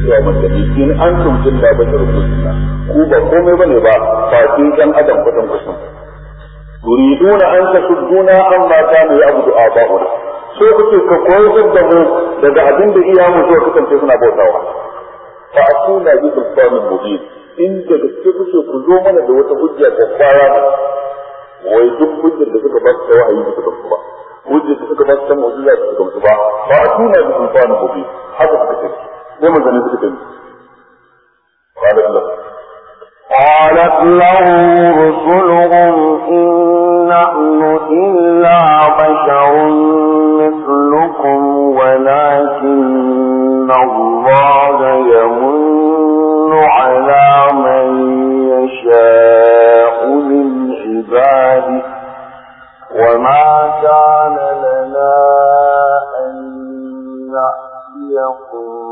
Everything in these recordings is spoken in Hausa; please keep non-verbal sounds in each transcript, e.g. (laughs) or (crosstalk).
zuwa manzanni in an tumtun da ba shirin musulma ku ba komai bane ba fatin ɗan adam kwatan kusan yuriduna an tasudduna amma kanu ya'budu aba'una so kuke ka koyar da mu daga abin da iya mu so kasance suna bautawa fa akuna bi sultanin mubin inda gaske kuke ku zo mana da wata hujja ta kwaya wai duk hujjar da suka ba su yi wahayi da suka ba hujjar da suka ba su ta mu'jiza da suka ba ba akuna bi sultanin mubin haka kuke قالت له رسلهم إن نحن إلا بشر مثلكم ولكن الله يمن على من يشاء من عباده وما كان لنا أن نأتيكم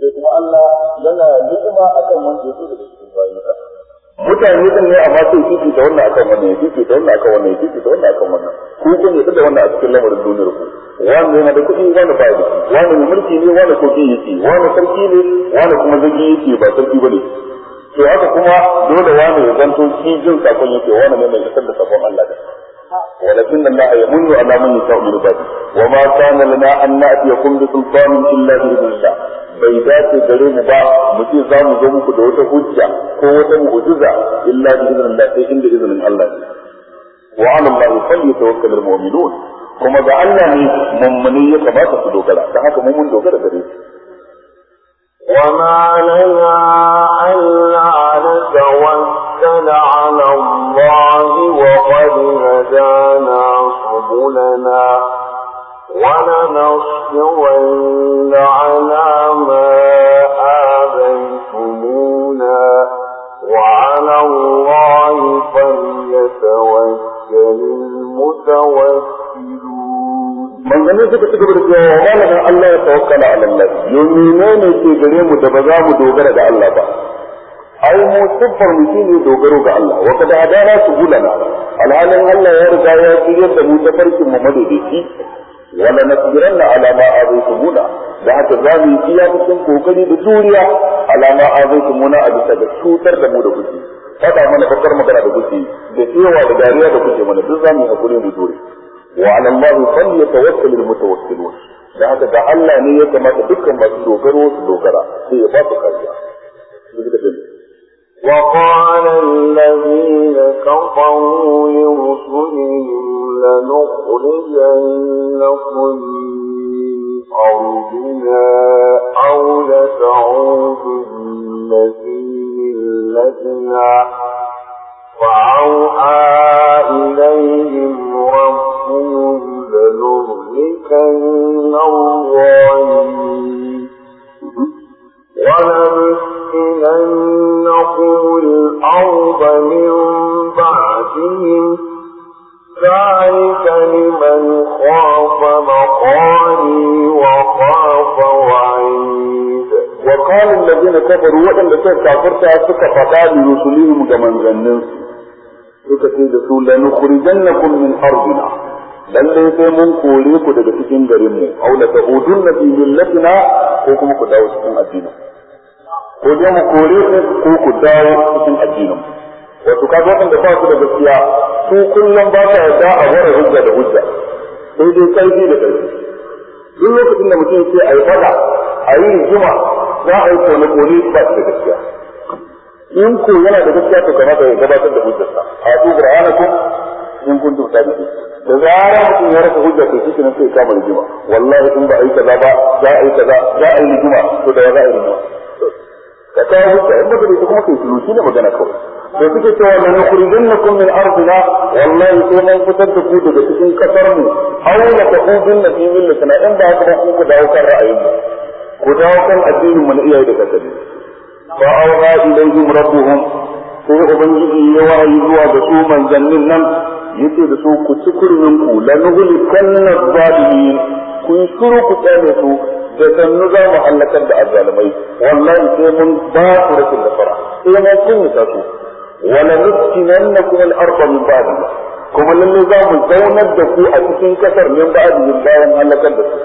sai kuma Allah yana ni'ima kan wanda yake da cikin bayinsa mutane din ne amma sai kiki da wannan akan wannan kiki da wannan akan wannan kiki da wannan akan wannan ku kun yi da wannan a cikin lamarin duniyar ku wani yana da kuɗi wani ba da wani mulki ne wani kogi yake wani sarki ne wani kuma zagi yake ba sarki bane to haka kuma dole wani ya zanto shi jin sakon yake wani ne mai isar da sakon Allah da shi ولكن الله يمن على من يشاء من عباده وما كان لنا ان ناتيكم بسلطان الا باذن الله bai dace gare mu ba mu ce za mu zo muku da wata hujja ko wata mu'jiza illa bi idhnillah sai inda izinin Allah ne wa ala Allah falyatawakkalul mu'minun kuma ga Allah ne mummuni ya kamata su dogara dan haka mu mun dogara gare shi wa ma lana alla natawakkalu توكل على الله وقد هدانا سبلنا ولنصبرن على ما آذيتمونا وعلى الله فليتوكل المتوكلون من ganin suka ci gaba da cewa wa malamin Allah ya tawakkala ala Allah yau ne ne ke gare mu da ba za mu dogara da Allah ba ai mu siffar mu shine dogaro ga Allah wa kada hadara su gulana alhalin Allah ya riga ya tsira da mu ta farkin mu madaidaici wala nasbiranna ala ma azaytumuna da haka za mu yi iya cikin kokari da juriya ala ma azaytumuna a bisa da cutar da mu da kuke fada mana bakar magana da kuke da cewa da dariya da kuke mana duk za mu yi hakuri mu jure wa ala Allah falyatawakkalul mutawakkilun da haka da Allah ne ya kamata dukkan masu dogaro su dogara sai ya ba su kariya وقال الذين كفروا لرسلهم لنخرجنكم من أرضنا أو لتعودن في ملتنا فأوحى إليهم ربهم لنهلكن الظالمين ولنسكننكم الأرض من بعدهم ذلك لمن خاف مقامي وخاف وعيد وقال الذين كفروا وأن كفرت سكفتا لرسلهم كمن ظننتم suka ce da su lanukhrijannakum min arzina, lalle sai mun kore ku daga cikin garinmu. mu aw la ta'udunna fi millatina ko kuma ku dawo cikin addinin ko dai mu kore ku ko ku dawo cikin addinin wato ka ga wanda ba su da gaskiya su kullum ba sa yarda a wara hujja da hujja sai dai karfi da karfi duk lokacin da mutum ce ayi fada a yi rigima za a yi kone kone ba su da gaskiya in ko yana da gaskiya to kamata ya gabatar da hujjarsa a ku qur'anakum in kun sadiqin da zarar mutum ya rasa hujja to shi ne sai kama rigima wallahi in ba a yi kaza ba za a yi kaza za a yi rigima to da za a yi rigima ka kawo hujja in baka da ita kuma kai shiru shi ne magana kawai da suke cewa la min ardina wallahi mun fitar da ku daga cikin kasar mu aw la taqudunna fi millatina in ba haka ku ra'ayin ku addinin mu na iyaye da kasari fa awha ilayhim rabbuhum ubangiji ya wahayi zuwa ga su manzannin nan yace da su ku ci kurmin ku la nuhlikanna zalimin kun shiru ku tsare su da nu za mu hallakar da azalimai wallahi sai mun ba su rashin nasara sai mun kunyata su wala nuskinannakum al-ardha min ba'di kuma lalle za mu zaunar da ku a cikin kasar min ba'di bayan hallakar da su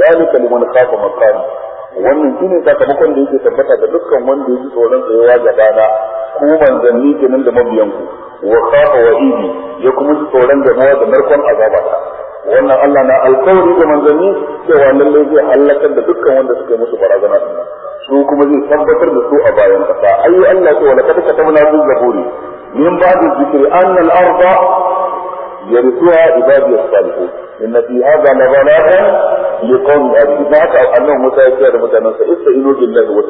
zalika liman khafa maqami wannan shine sakamakon da yake tabbata da dukkan wanda ya ji tsoron tsayawa gabana ku manzanni kenan da mabiyan ku wa khafa wa'idi ya kuma tsoron da na da narkon azabata wannan Allah na alkawari ga manzanni cewa lalle zai halakar da dukkan wanda suke musu barazana din su kuma zai tabbatar da su a bayan kasa ayi Allah ko wala kad katabna fi zaburi min ba'di zikri anna al-arda yarithuha ibadi as-salihin inna fi hadha la balagha al-ibad aw annahu mutayyiya da mutanen sa istainu billahi wa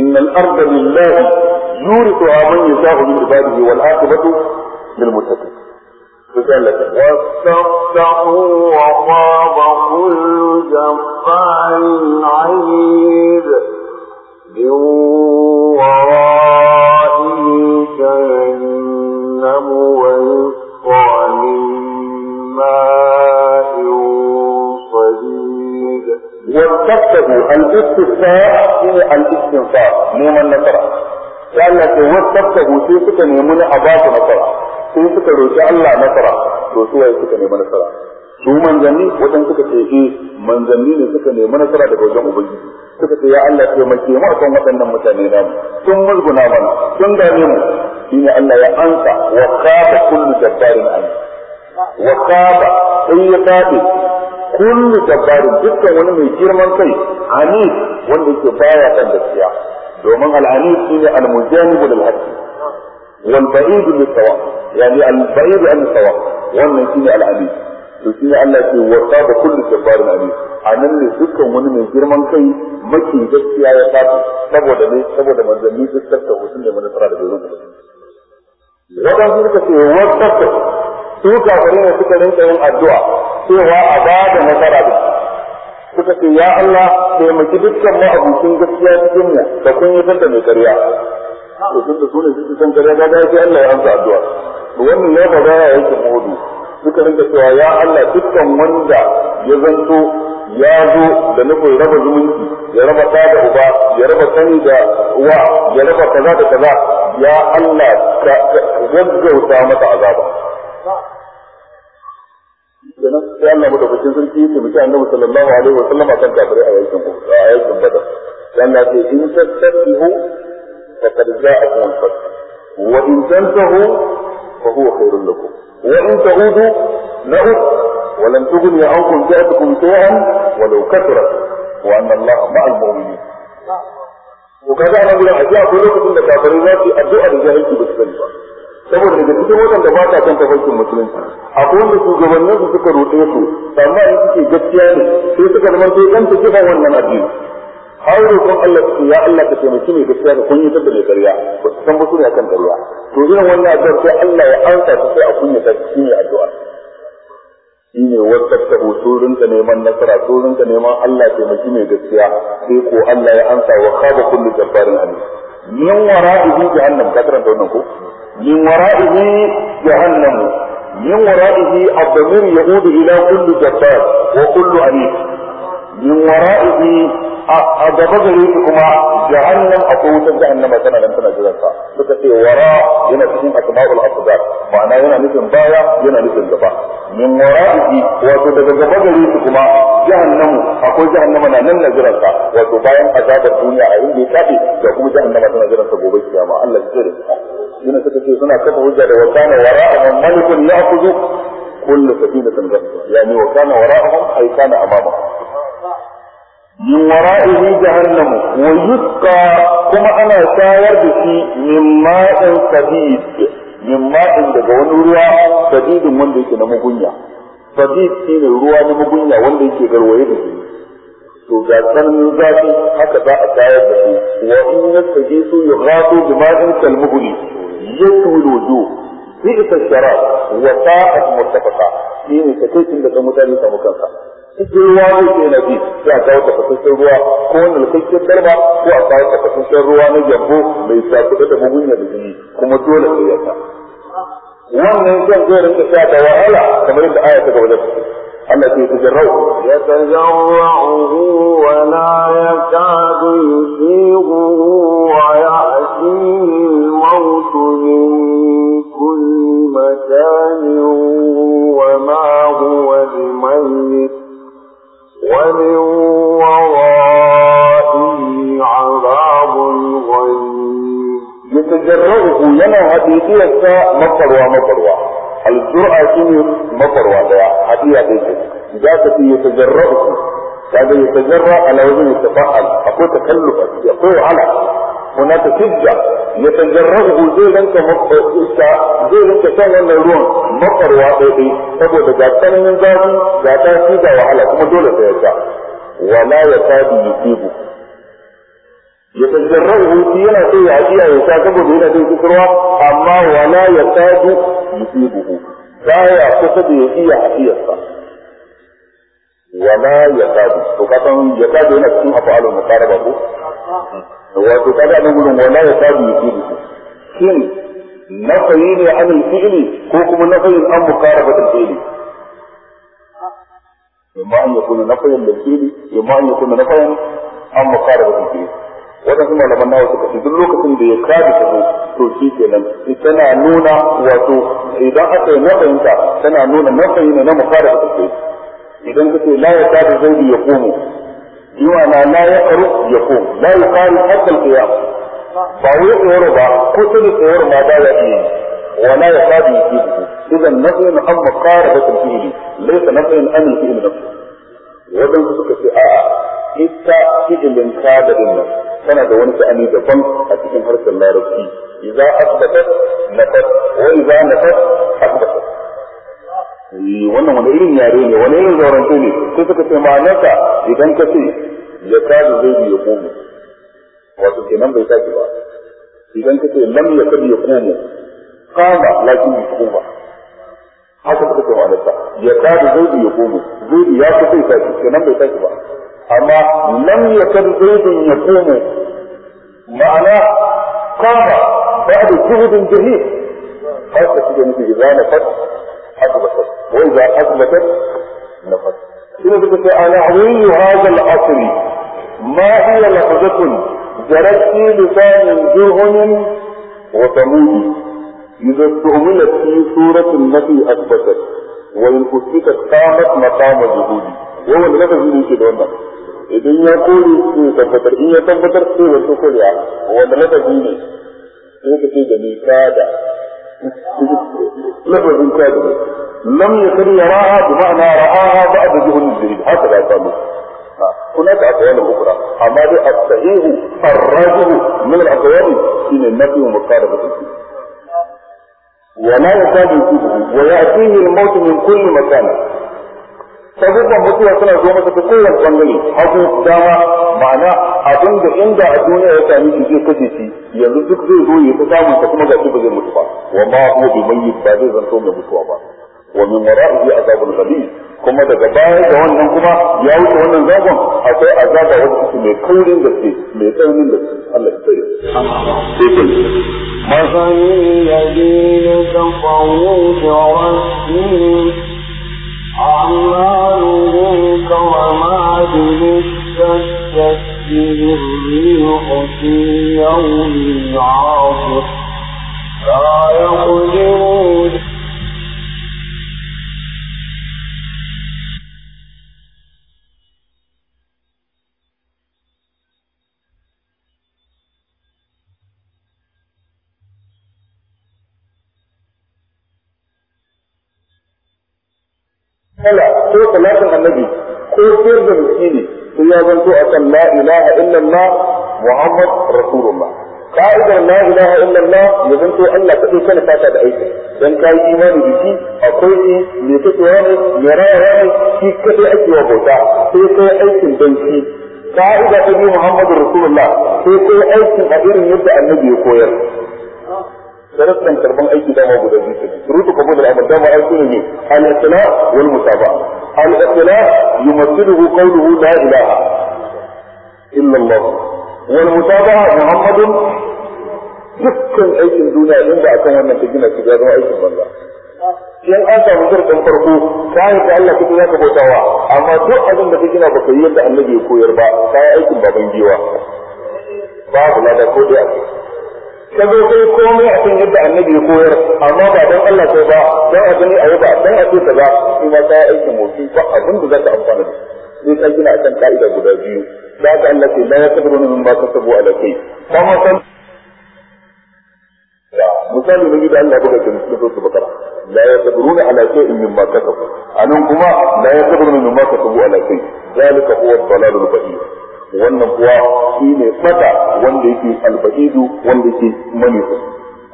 inna al-arda lillahi yurithuha man yasha'u min ibadihi wal aqibatu lil muttaqin مثلثة واستفتحوا وخاب كل جبار عنيد من ورائه جهنم ويسقى من ماء صديد واستفتحوا الاستفتاح هي الاستنصار نيما النصر قال لك واستفتحوا سيسك نيمون أباك نصر sai suka roƙi Allah nasara to su waye suka nemi nasara su manzanni wajen suka ce eh manzanni ne suka nemi nasara daga wajen ubangiji suka ce ya Allah taimake mu akan waɗannan mutane namu sun musguna mana sun gane mu shine Allah ya ansa wa qaba kullu jabbarin an wa qaba sai ya kabe kullu jabbarin dukkan wani mai girman kai hanif wanda yake baya kan gaskiya domin al'anif shine al-mujanibu lil haqqi wal ba'id min sawa yani al ba'id an sawa wannan shine al alim to shi ne Allah ke wasa da kullu jabbarin alim anan ne dukkan wani mai girman kai maki gaskiya ya tafi saboda ne saboda manzanni su tsaka hutun da manasara da bayan wadan su suka ce su kafare ne suka rinka yin addu'a cewa a ba da nasara da suka ce ya Allah taimaki dukkan ma'abucin gaskiya mu da kun yi da mai karya. to tun da sunan suke san kare ga sai Allah ya amsa addu'a to wannan ya faɗa ya yake mudu suka rinka cewa ya Allah dukkan wanda ya zanto ya zo da nufin raba zumunci ya raba ɗa da uba ya raba sani da uwa ya raba kaza da kaza ya Allah ka gaggauta mata azaba kenan sai Allah madaukakin sarki ya taimaki annabi sallallahu alaihi wa sallam akan kafirai a yakin badar Allah ya ce in tattabihu فقد جاءكم الفتح وان تنتهوا فهو خير لكم وان تعودوا نعود ولن تغني عنكم جاءتكم شيئا ولو كثرت وان الله مع المؤمنين وكذا انا اقول اجاء كلكم ان كافرين في الدعاء لجاهلك بالسلفه saboda daga cikin waɗanda ba ta kanta farkin musulun a kowane shugabannin su suka roƙe su amma in suke gaskiya ne sai suka zama sai kanta kiɓa wannan addini har roƙon Allah su ya Allah ka taimaki mai gaskiya ka kunyatar da mai ƙarya ba su san ba su ne akan ƙarya to irin wannan addu'a sai Allah ya ansa ta sai a kunyata shi ne addu'a shi ne wata tabo surun ka neman nasara surun ka neman Allah taimaki mai gaskiya sai ko Allah ya ansa wa khaba kullu jabbarin alim min wara'ihi jahannam ka karanta wannan ko min wara'ihi jahannam min wara'ihi abdamir yahudu ila kullu jabbar wa kullu alim min wara'ihi a gaba gare shi kuma jahannam akwai wutar jahannama tana nan tana jiran sa suka ce wara yana cikin asma'ul afdal ma'ana yana nufin baya yana nufin gaba min wara'ihi wato daga gaba gare shi kuma jahannamu akwai jahannama na nan na jiran sa wato bayan azabar duniya a inda ya tafi da kuma jahannama tana jiran sa gobe kiyama Allah ya tsare yana suka ce suna kafa hujja da wakana wara'ahum malikun ya'khudhu kullu safinatin ghasba yani wakana wara'ahum ay kana amamahum min wara'ihi jahannam wa yusqa kuma ana shayar da shi min ma'in sadid min ma'in daga wani ruwa sadidin wanda yake na mugunya sadid shine ruwa na mugunya wanda yake garwaye da shi to ga tsananin zafi haka za a shayar da su wa in yastaji su yughatu bima'in kalmuhli yaswi alwujuh bi'sa sharab wa sa'at murtafaqa shine tun da mutane samu kanka. cikin ruwa zai sai na bi sai a kawo tafasasshen ruwa ko wani lakakken darba ko a kawo tafasasshen ruwa na gyambo mai shafuɗa da mugunya da jini kuma dole sai ya sa wannan shan zai rinka sha da wahala kamar yadda aya ta gaba da التي ya يتجرعه ولا يكاد يسيغه ويأتيه الموت من كل مكان وما هو بميت ومن ورائه عذاب غليظ يتجرعه ينا هديئة مطروا مطروا الجرأة مطروا دواء هديئة بيته إذا تتي يتجرعه هذا يتجرع على وزن يتفعل أقول تكلف يقول على هناك شدة يتجرده زيلا كمقصة زيلا كسان النورون مطر واقعي فبو بجاتان من ذاتي ذاتان سيدا وعلى كما دولة يجا ولا يكاد يتيبه يتجرده زيلا كي عجيا يتاكبه دولة يتكروا أما ولا يكاد يتيبه لا يعتقد يتيب حقيقة وما يكاد فقطن يكاد هنا كم أفعال المقاربة wato kaga nan gurin wala ya bi yake shin nafayi ne an fi'li ko kuma nafayi an mukarabatul fi'li imma an yakuna nafayan lil fi'li imma an yakuna nafayan an mukarabatul fi'li wadansu malaman nawa suka ce duk lokacin da ya kada ta zo to shi kenan tana nuna wato idan aka yi ta tana nuna nafayi ne na mukarabatul fi'li idan kace la ya kada zai ya komo بمعنى لا يقرأ يقوم لا يقال حتى القيام فهو يقرأ با كتل يقرأ ما دا يقين ولا يقاد يجيبه إذا نفي محمد قاربة الفئل ليس نفي أمن الفئل نفسه وذن تسكت في اعاء ita في kada din nan tana da دفن sa'ani daban الله cikin اذا اثبتت نفت واذا نفت اثبتت Eh, wannan wani irin yare ne wani irin zaurance ne sai suka ce ma'anarsa idan ka ce ya kada zai bi ya komo wato nan bai sake ba idan ka ce lam ya kada ya komo kama lakin bi komo haka suka ce ma'anarsa ya kada zai bi ya komo zai bi ya kusa ya sake kenan bai sake ba amma lam ya kada zai bi ya komo ma'ana kama ba da juhudin jirni har ka cike miki izana fat haka ba واذا اثبتت نفت شنو بدك انا علي هذا الاصل ما هي لفظة جرت في لسان جرهن وثمود اذا استعملت في سورة التي اثبتت وان اثبتت قامت مقام الجهود وهو اللفظ اللي يجي idan ya kore sai tabbatar in ya tabbatar sai wasu kuriya wanda lafazi ne sai ka ce da ni kada kada لم يكن يراها بمعنى رآها بعد جهن الجريد هكذا قالوا هناك أقوال أخرى أما ذي الصحيح الراجل من الأقوال إن النبي مقاربة الدين ولا يزال يجيبه ويأتيه الموت من كل مكان فقلت موت يصنع زومة في كل الجنجل حقوق داما معنى أبن عند أدوني أتاني تجي قدسي يلزق ذي هو يتسامن تكمل أجيب ذي المتفاق وما هو بميت بعد ذنطوم المتفاق wa min wara'ihi azabul ghalib kuma daga baya da wannan kuma ya wuce wannan zagon akwai azaba wacce su mai kaurin gaske mai tsaunin gaske ya مثل الذين كفروا بربهم أعمالهم كرماد اشتدت به الريح في يوم عاصف لا يقدرون kala ko salatin annabi ko siyar da miskini sun ya zanto a kan la ilaha illallah muhammad rasulullah ka'idar la ilaha illallah ya zanto Allah kaɗai kana fata da aiki dan ka yi imani da shi akwai ne mai fitowa ne mai rayawa ne shi kaɗai ake wa bauta sai kai aikin don ka'idar ka'ida ta biyu muhammadu rasulullah sai kai aikin a irin yadda annabi ya koyar sharuɗan karban aiki dama guda biyu ne shuruɗu qabul al-amal dama ai sune ne al-ikhla wal musaba al-ikhla yumathiluhu qawluhu la ilaha illa Allah wal musaba muhammadun dukkan aikin duniya in da akan wannan ta gina shiga zama aikin banza in an samu zargin farko ka yi ta Allah kuma zaka bautawa amma duk abin da ka gina baka yi yadda Allah ya koyar ba ka yi aikin baban giwa babu lada ko dai ka zo sai komai a kan yadda annabi ya koyar amma ba don Allah ko ba don a gani a yaba don a tuka ba shi ma ta aiki motsi ba abin da za ka amfana da shi sai gina a kan ka'ida guda biyu za ka Allah ce la yasbiru min ba kasabu ala kai kuma san misali ne da Allah buga kin su su bakara la yasbiruna ala shay'in mimma kasabu anan kuma la yasbiruna mimma kasabu ala kai zalika huwa ad-dalalul ba'id wannan kuwa shi ne fata wanda yake alba'idu wanda yake manufa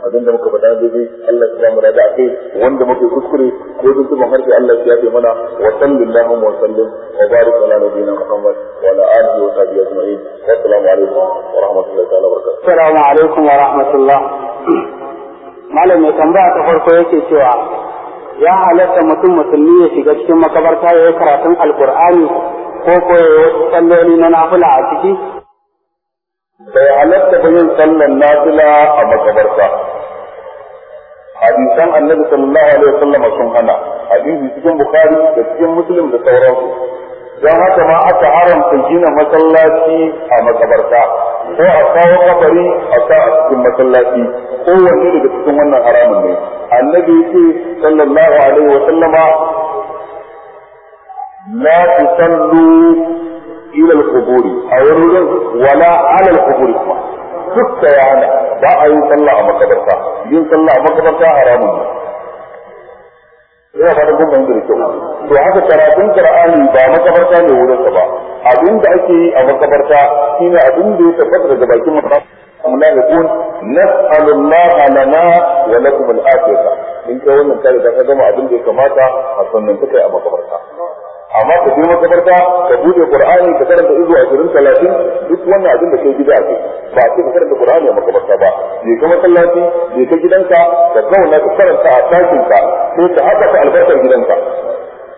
abin da muka faɗa daidai Allah ya samu da kai wanda muke kuskure ko duk ban harfi Allah ya yafe mana wa sallallahu wa sallam wa barik ala nabiyina Muhammad wa ala alihi wa sahbihi ajma'in wa assalamu alaikum wa rahmatullahi wa barakatuh assalamu alaikum wa rahmatullah malam mai tambaya ta farko yake cewa ya halatta mutum musulmi ya shiga cikin makabarta ya yi karatun alkur'ani ko koya wasu salloli na nafila a ciki bai halatta ba yin sallan nafila a makabarta hadisan annabi sallallahu alaihi wasallam sun hana hadisi cikin bukhari da cikin muslim da sauransu don haka ma aka haramta gina masallaci a makabarta ko a kawo kabari a sa a cikin masallaci kowanne daga cikin wannan haramun ne annabi ce sallallahu alaihi wasallama la tusallu ila al-qubur a wurin wala ala al-qubur kuma duk bayana ba a yin sallah a makabarta yin sallah a makabarta haramun ne ina fara gumman da kyau to haka karatun qur'ani ba makabarta ne wurin ba abinda ake yi a makabarta shine abin da ya tabbata daga bakin makabarta amma ya kun nas'alu Allah lana wa lakum al kamata a a makabarta amma ka je makabarta ka bude qur'ani ka karanta izu 20 talatin duk wannan abin da kai gida ake ba sai ka karanta qur'ani a makabarta ba je ka masallaci je ka gidanka ka zauna ka karanta a ɗakin ka sai ka haka ka albarkar gidanka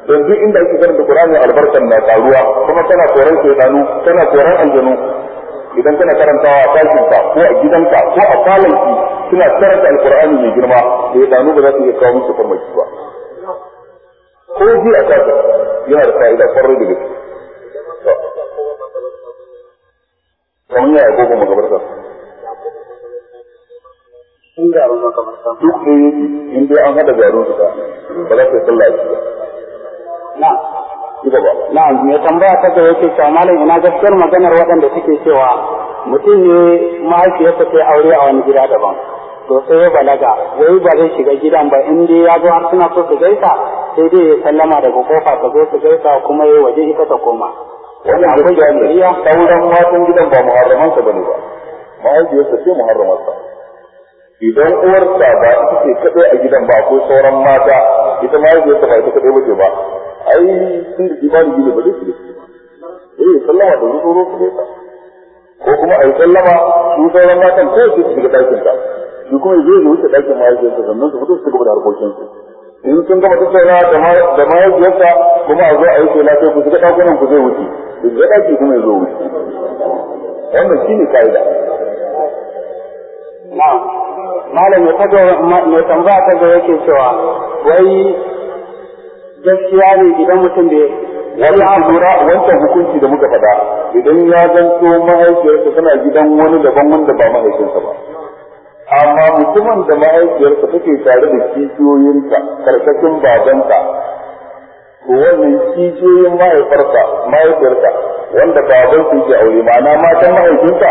don duk inda ake karanta qur'ani albarkar na karuwa kuma kana koran shaytanu kana koran aljanu idan kana karantawa a ɗakin ka ko a gidanka ko a kalanki suna karanta alqur'ani mai girma shaytanu ba za su iya kawo musu farmaki ba ko ji a kafin yana da fa'ida kwarai da gaske kamar ya yi gogon magabarsa in garin makamarsa duk da yake in dai an hada garin su ba ba za ka yi sallah ba na'am Na'am, mai tambaya ta da yake cewa malam ina gaskiyar maganar waɗanda suke cewa mutum ne mahaifiyarsa ta aure a wani gida daban. to sai ya balaga wai ba zai shiga gidan ba in dai ya zo har suna so su gaisa sai dai ya sallama daga kofa ta zo su gaisa kuma ya waje ita ta koma wannan ya jami'a sauran matan gidan ba muharramansa bane ba mahaifiyarsa sai muharramarsa idan uwarsa ba ita ce kadai a gidan ba ko sauran mata ita mahaifiyarsa ba ita kadai waje ba ai sun da da gini ba zai shiga eh sallama da zuwa ko kuma a yi sallama su sauran matan ko su shiga ɗakin ta shi kuma zai zo wuce ɗakin mahaifiyarsa sannan su fito su gaba da harkokinsu in sun gama tattauna da mahaifiyarsa kuma a zo a yi ke lafiya ku shiga ɗakunan ku zai wuce su ga ɗaki kuma ya zo wuce wannan shi ne ka'ida. malam ya taga mai tambaya ta ga yake cewa wai gaskiya ne idan mutum bai wannan lura wancan hukunci da muka faɗa idan ya zanto mahaifiyarsa tana gidan wani daban wanda ba mahaifinsa ba amma mutumin da mahaifiyarsa take tare da kishiyoyinta karkashin babanta to wani kishiyoyin mahaifarsa mahaifiyarsa wanda baban su ke aure ma'ana matan mahaifinta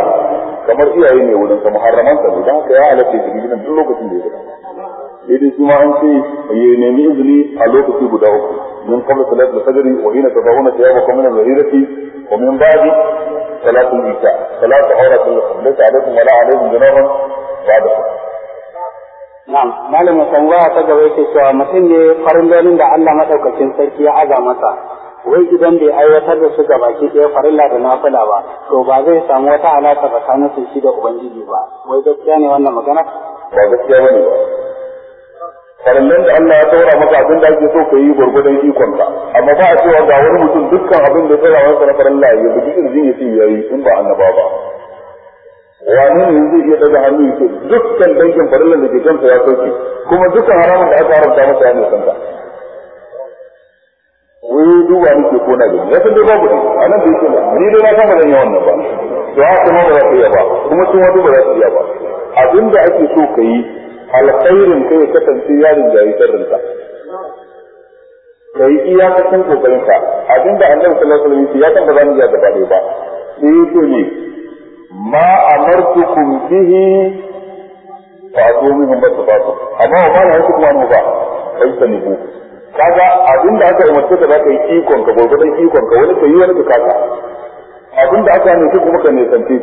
kamar iyaye ne wurin sa muharramanta sa ne don haka ya halatta shi gidan duk lokacin da ya gaba sai dai kuma an ce ya nemi izini a lokaci guda uku min qabla salati al-fajr wa hina tadawuna thiyabakum min al ومن بعد صلاة العشاء صلاة عورة لكم ليس عليكم ولا عليهم جناح بعد Na'am, malamin tambaya ta gaba yake cewa قرن ne farillolin da Allah madaukakin sarki عزا aza wai idan bai aiwatar da su baki ɗaya farilla da nafila ba, to ba zai samu wata alaƙa tsakanin su shi da Ubangiji ba, wai gaskiya ne wannan magana? Ba gaskiya ne ba. farallan da Allah ya tsora maka abin da ake so ka yi gwargwadon ikon ka amma ba a cewa ga wani mutum dukkan abin da ya tsora masa na layi da duk irji ya ce yayi in ba annaba ba wani ne zai iya daga hannu ya ce dukkan dangin farallan da ke kansa ya sauke kuma dukkan haramun da aka haramta masa ya ne kanka wai duba ni ko na gani ya san dai babu a nan da yake ni dai na san ba zan yi wannan ba to haka ma ba za ka iya ba kuma sun wani ba za su iya ba abin da ake so ka yi alkhairin ka ya kasance yarin rinjayi sharrin ka kai iya ka san kokarin ka abinda Allah sallallahu alaihi wasallam ya san ba za ya gaba da ba sai yake ne ma amartukum bihi fa atu minhum masabatu amma ba na yi kuma mu ba kai ta nibu kaga abinda aka umarce ka za ka yi ikon ka dai ikon ka wani ka yi wani ka kasa abinda aka ne shi kuma ka ne sante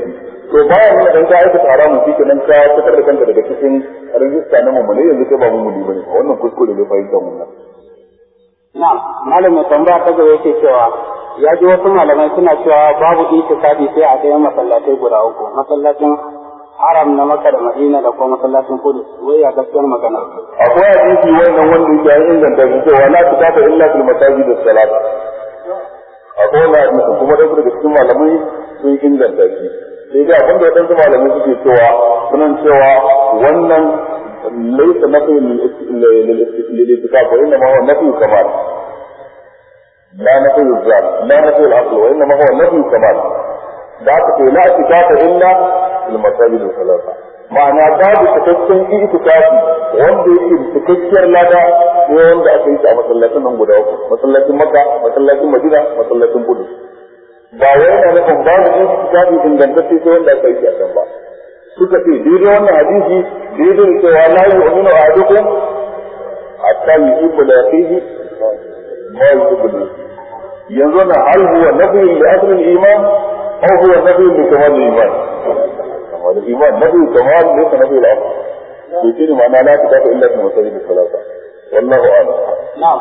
to bayan da dan ka aikata haramun shi kenan ka fitar da kanka daga cikin rajista na mamane yanzu kai ba mudi bane ba wannan kuskure ne fahimtar mun na malam mai tambaya ta gaba yake cewa ya ji wasu malamai suna cewa babu itikadi sai a kai masallatai guda uku masallacin haram na maka da madina da kuma masallacin kudu wai ya gaskiyar magana akwai hadisi wannan wanda yake inganta shi cewa la tukata illa fil masajid as-salat akwai wani hadisi kuma da cikin malamai sun inganta shi sai dai da ya ɗansu malamai suke cewa sunan cewa wannan laisa mafi lalitika ko inda mawa mafi kamar la mafi zan la mafi al'aql wa inda ma mafi kamar da aka ce la itikata illa inda masajid da salata ma'ana babu cikakken itikafi wanda yake cikakkiyar lada ne wanda aka yi shi a masallacin nan guda uku masallacin makka masallacin madina masallacin kudu ba wai yana nufin babu in kitabi ingantacce sai wanda aka yi a kan ba suka ce daidai wannan hadisi daidai da cewa la yu'minu ahadukum hatta yuhibbu li akhihi ma yuhibbu li yanzu na hal huwa nafiyun li asli al-iman aw huwa nafiyun li kamal al-iman kamal al-iman nafi kamal laysa nafi al-asl to shine ma'ana la tadafa illa bi masajid al-salata wallahu a'lam na'am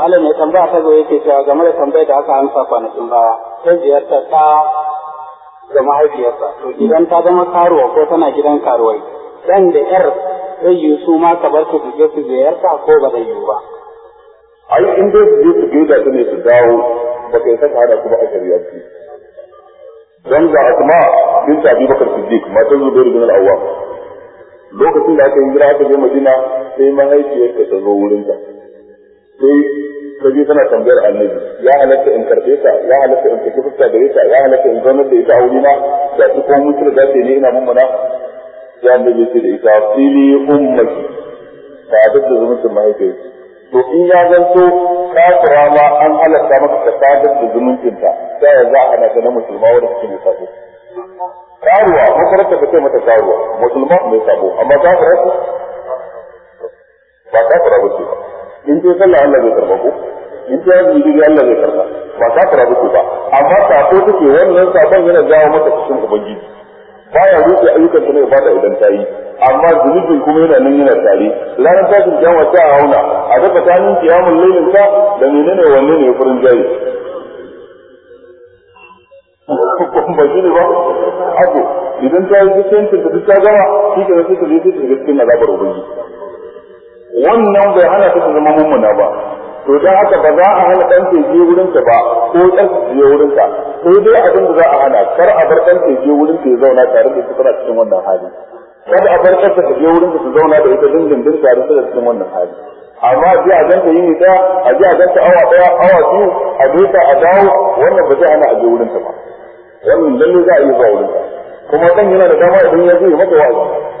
malam ya tambaya ta zo yake cewa game da tambayar da aka amsa kwanakin baya ta ta ga mahaifiyarsa to idan ta zama karuwa ko tana gidan karuwai dan da yar zai yi su ma ka bar su su je su ziyarta ko ba zai yi ba ai in dai su je su gaida su ne su dawo ba kai ta hada ku ba a shari'arci dan ga asma bin bi bakar siddiq ta zubairu bin rubin awwam lokacin da aka yi hijira aka je madina sai mahaifiyarsa ta zo wurinta sai ta kana tambayar annabi ya halatta in karɓe ta ya halatta in tafi fuska da ta ya halatta in zama da ita aure ma da su kuma mutum da ke ne ina mun mummuna ya annabi ce da ita fili ummati ba a dadda zumuncin mahaifiyar to in ya zanto kafira ma an halatta maka ka sadar da zumuncinta ta ya za a hana na musulma wanda suke ne sabo karuwa makarantar ka ce mata karuwa musulma mai sabo amma kafira ba kafira ba ce ba in ce sallah Allah zai karba ko in ce yaji dai Allah zai karba ba ka fara ba ba amma sako take wannan sakon yana jawo mata cikin ubangiji baya rufe ayyukan ta ne ba da idan ta yi amma zunubin kuma yana nan yana tare ranar tashin kiyama ta auna a daga tanin kiyamun lailin ka da menene wanne ne furin jayi (laughs) ba shi ne ba ako idan ta yi cikin ta duk ta gama shi ke da cikin je su shiga cikin ubangiji wannan bai hana ta zama mummuna ba to dan haka ba za a hana ɗan je wurin ta ba ko dan je wurin ta ko dai abin da za a hana kar a bar ɗan je wurin ta ya zauna tare da su tana cikin wannan hali Kar a bar ɗan ta je wurin ta su zauna da ita dindindin tare da cikin wannan hali amma a je a ganta yini daya a je a ganta awa daya awa biyu a je ta a dawo wannan ba zai hana a je wurin ta ba wannan lalle za a yi zuwa wurin ta kuma dan yana da dama idan ya zo ya mata wa'azi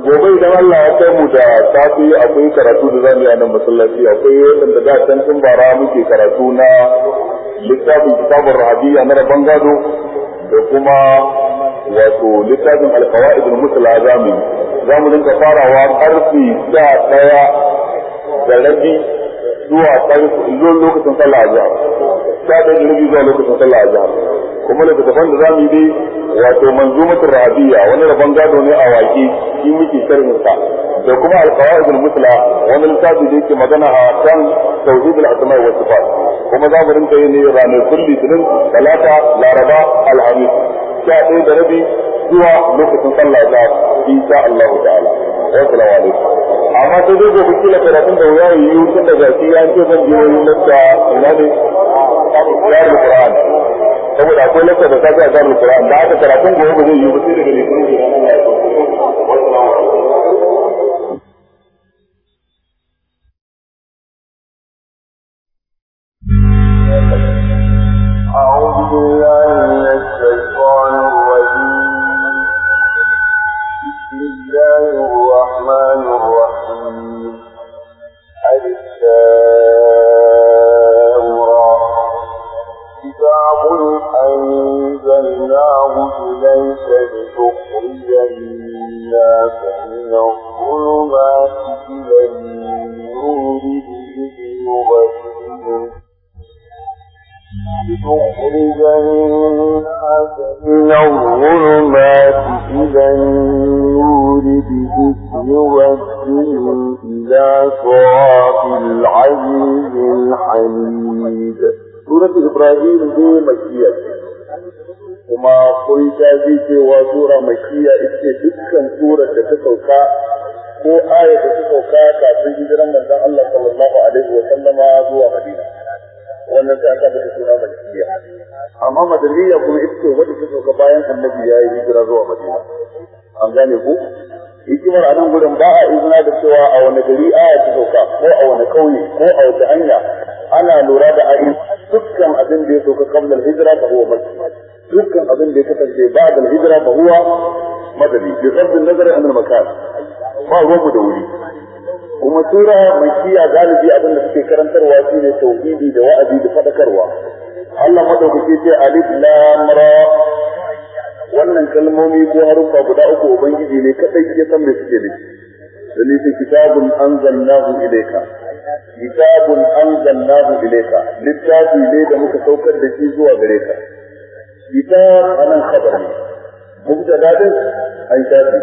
gobe idan Allah ya kai mu da safi akwai karatu da zamu yi a nan masallaci akwai wanda da can tun bara muke karatu na littafin kitabun rahabiyya na rabban gado da kuma wato littafin alkawa'id al-musla zamu zamu dinka farawa karfi da daya da rabi zuwa karfi lokacin sallah azhar da rabi zuwa lokacin sallah azhar kuma da tafan da zamu yi dai wato manzumatul rabiya wani rabon gado ne a waki shi muke sharhin sa da kuma alqawaidul musla wani littafi da yake magana a kan tauhidul asma wa sifat kuma za mu rinka yi ne ranar kulli tunin talata laraba alhamis sha ɗaya da rabi zuwa lokacin sallah ta insha Allah ta'ala wa salamu alaikum amma sai dai gobe kila karatun da wuya yi tun da shi ya ce zan je wani lakka ina ne Qur'an saboda akwai lakta da safiya za mu da haka karatun ba zai yi ba sai daga litinin da nan الرحمن أنزلناه إليك لتخرج الناس من الظلمات إلى النور بإذن ربهم لتخرج الناس من الظلمات إلى النور بإذن ربهم إلى صراط العزيز الحميد سورة إبراهيم دي مكية kuma kun sha cewa cewa mai makiya ita dukkan surar da ta sauka ko aya da ta sauka kafin hijiran manzon Allah sallallahu alaihi wa sallama zuwa Madina wannan ta aka da sura makiya amma madaniya kuma ita ce wadda ta sauka bayan annabi ya yi hijira zuwa Madina an gane ku hikimar a nan gurin ba a izina da cewa a wani gari aya ta sauka ko a wani kauye ko a wata hanya ana lura da ayi dukkan abin da ya sauka kamar hijira ta huwa masjid dukkan abin da ya kasance ba da hijira ba huwa madadi bi sabbin nazari an al-makan ba ruwan da wuri kuma sura makiya galibi abin da suke karantarwa shine tauhidi da wa'azi da fadakarwa Allah madaukake ce alif lam ra wannan kalmomi ko harufa guda uku ubangiji ne kadai ya san me suke da shi fi kitabun anzalnahu ilayka kitabun anzalnahu ilayka littafi ne da muka saukar da shi zuwa gare ka kitab anan khabar ne mubtada din an shafi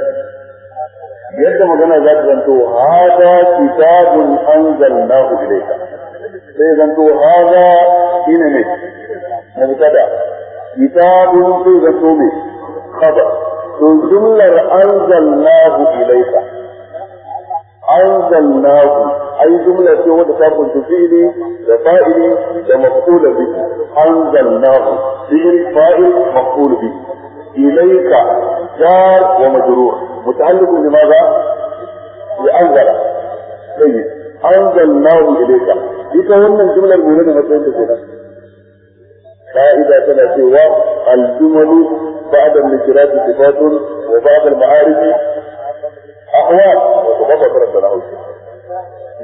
yadda magana za ta zanto hada kitabun anzalnahu ilayka sai zanto hada ina ne mubtada kitabun sai zanto ne khabar to jumlar anzalnahu ilayka أنزل أنزلناه أي جملة في ود تكون فعلي وفاعلي ومفعول به أنزلناه في فاعل مفعول به إليك جار ومجرور متعلق بماذا؟ بأنزل طيب أنزلناه إليك إذا هن الجملة المولدة مثلا تكون فائدة كان الجمل بعد النكرات صفات وبعد المعارف أقوال وتبقى كرم da أوشي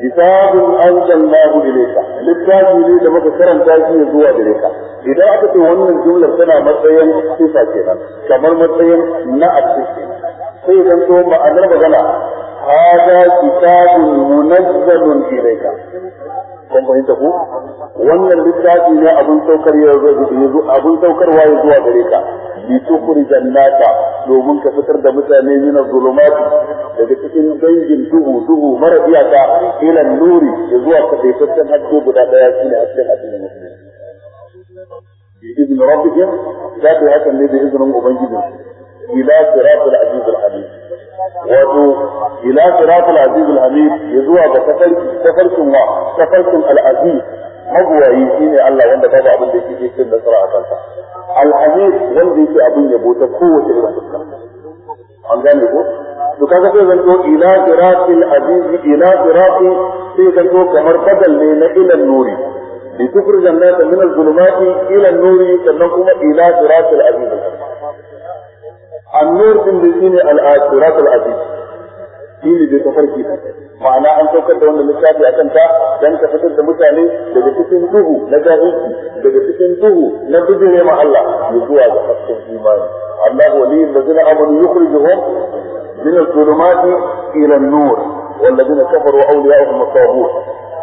كتاب أنزلناه إليك للتاج إليه لما كرم تاجي يزوى إليك إذا أتت وأن الجملة سنة مطيا صفة كنا كمر مطيا نأب sai zan so ma'anar magana hada kitabun munazzalun ilayka kun fahimta ku wannan littafi ne abun saukar ya zo abun saukarwa ya zuwa gare ka li tukhrija an-nasa domin ka fitar da mutane min az-zulumat daga cikin dangin duhu duhu mara iyaka ila nuri ya zuwa ka daidaitaccen haske guda daya shine hasken addinin musulmi bi izin rabbihim za ta hakan ne da izinin ubangiji ila siratul aziz al-hamid wato ila siratul aziz al-hamid ya zuwa ga tafarkin tafarkin wa tafarkin al-aziz shi ne Allah wanda babu abin da yake cikin nasara a kansa alhamid wanda yake abin yabo ta kowace irin fuska an gane ko to kaga sai zan to ila siratil aziz ila sirati sai zan to kamar badal ne na ila nuri li tukhrij an-nas min al-zulumati ila nuri sannan kuma ila siratil aziz an-nur din shine al-siratil aziz ne da tafarki ma'ana an saukar da wannan littafi akan ta dan ka fitar da mutane daga cikin duhu na jahilci daga cikin duhu na bijire ma Allah ya zuwa ga hasken imani Allah waliyul ladina amanu yukhrijuhum min adh-dhulumati ila an-nur والذين كفروا أولياءهم الطاغوت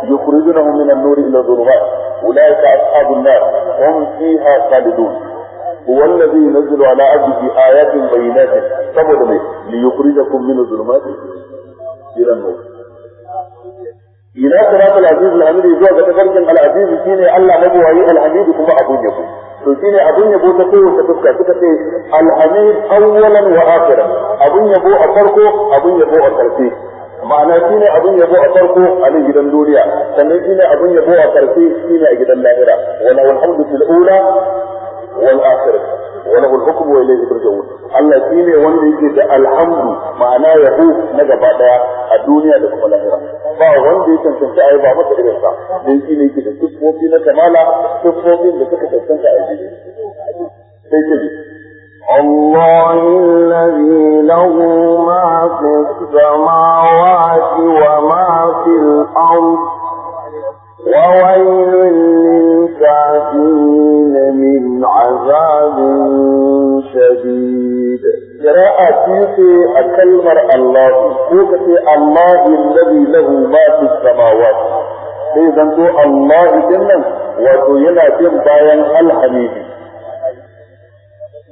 يخرجونهم من النور إلى الظلمات أولئك أصحاب النار هم فيها خالدون هو الذي ينزل على عبده آيات بينات سبب ليخرجكم من الظلمات إلى النور ina al aziz al-hamid zuwa ga tafarkin al-aziz shine Allah mabuwayi al-hamid kuma abun yabo to shine abun yabo ta kowace fuska suka ce al-hamid awwalan wa akhiran abun yabo a farko abun yabo a karshe ma'ana shine abun yabo a farko a nan gidan duniya sannan shine abun yabo a karshe shine a gidan lahira wala wal hamdu fil ula wal akhirah وله الحكم وإليه ترجعون الله سيني وني كي الحمد معنا يهو نجبا دا الدنيا لكم الأخرة با وني كي تنسى أي بابا تدرسا لكي كي تتفو في نتمالا تتفو في نتفو في نتفو الله الذي له ما في السماوات وما في الأرض وويل مستعفين من عذاب شديد جراء فيك أكلمر الله فيك الله الذي له ما في السماوات إذا انتو الله جنن وتينا جنبايا الحميد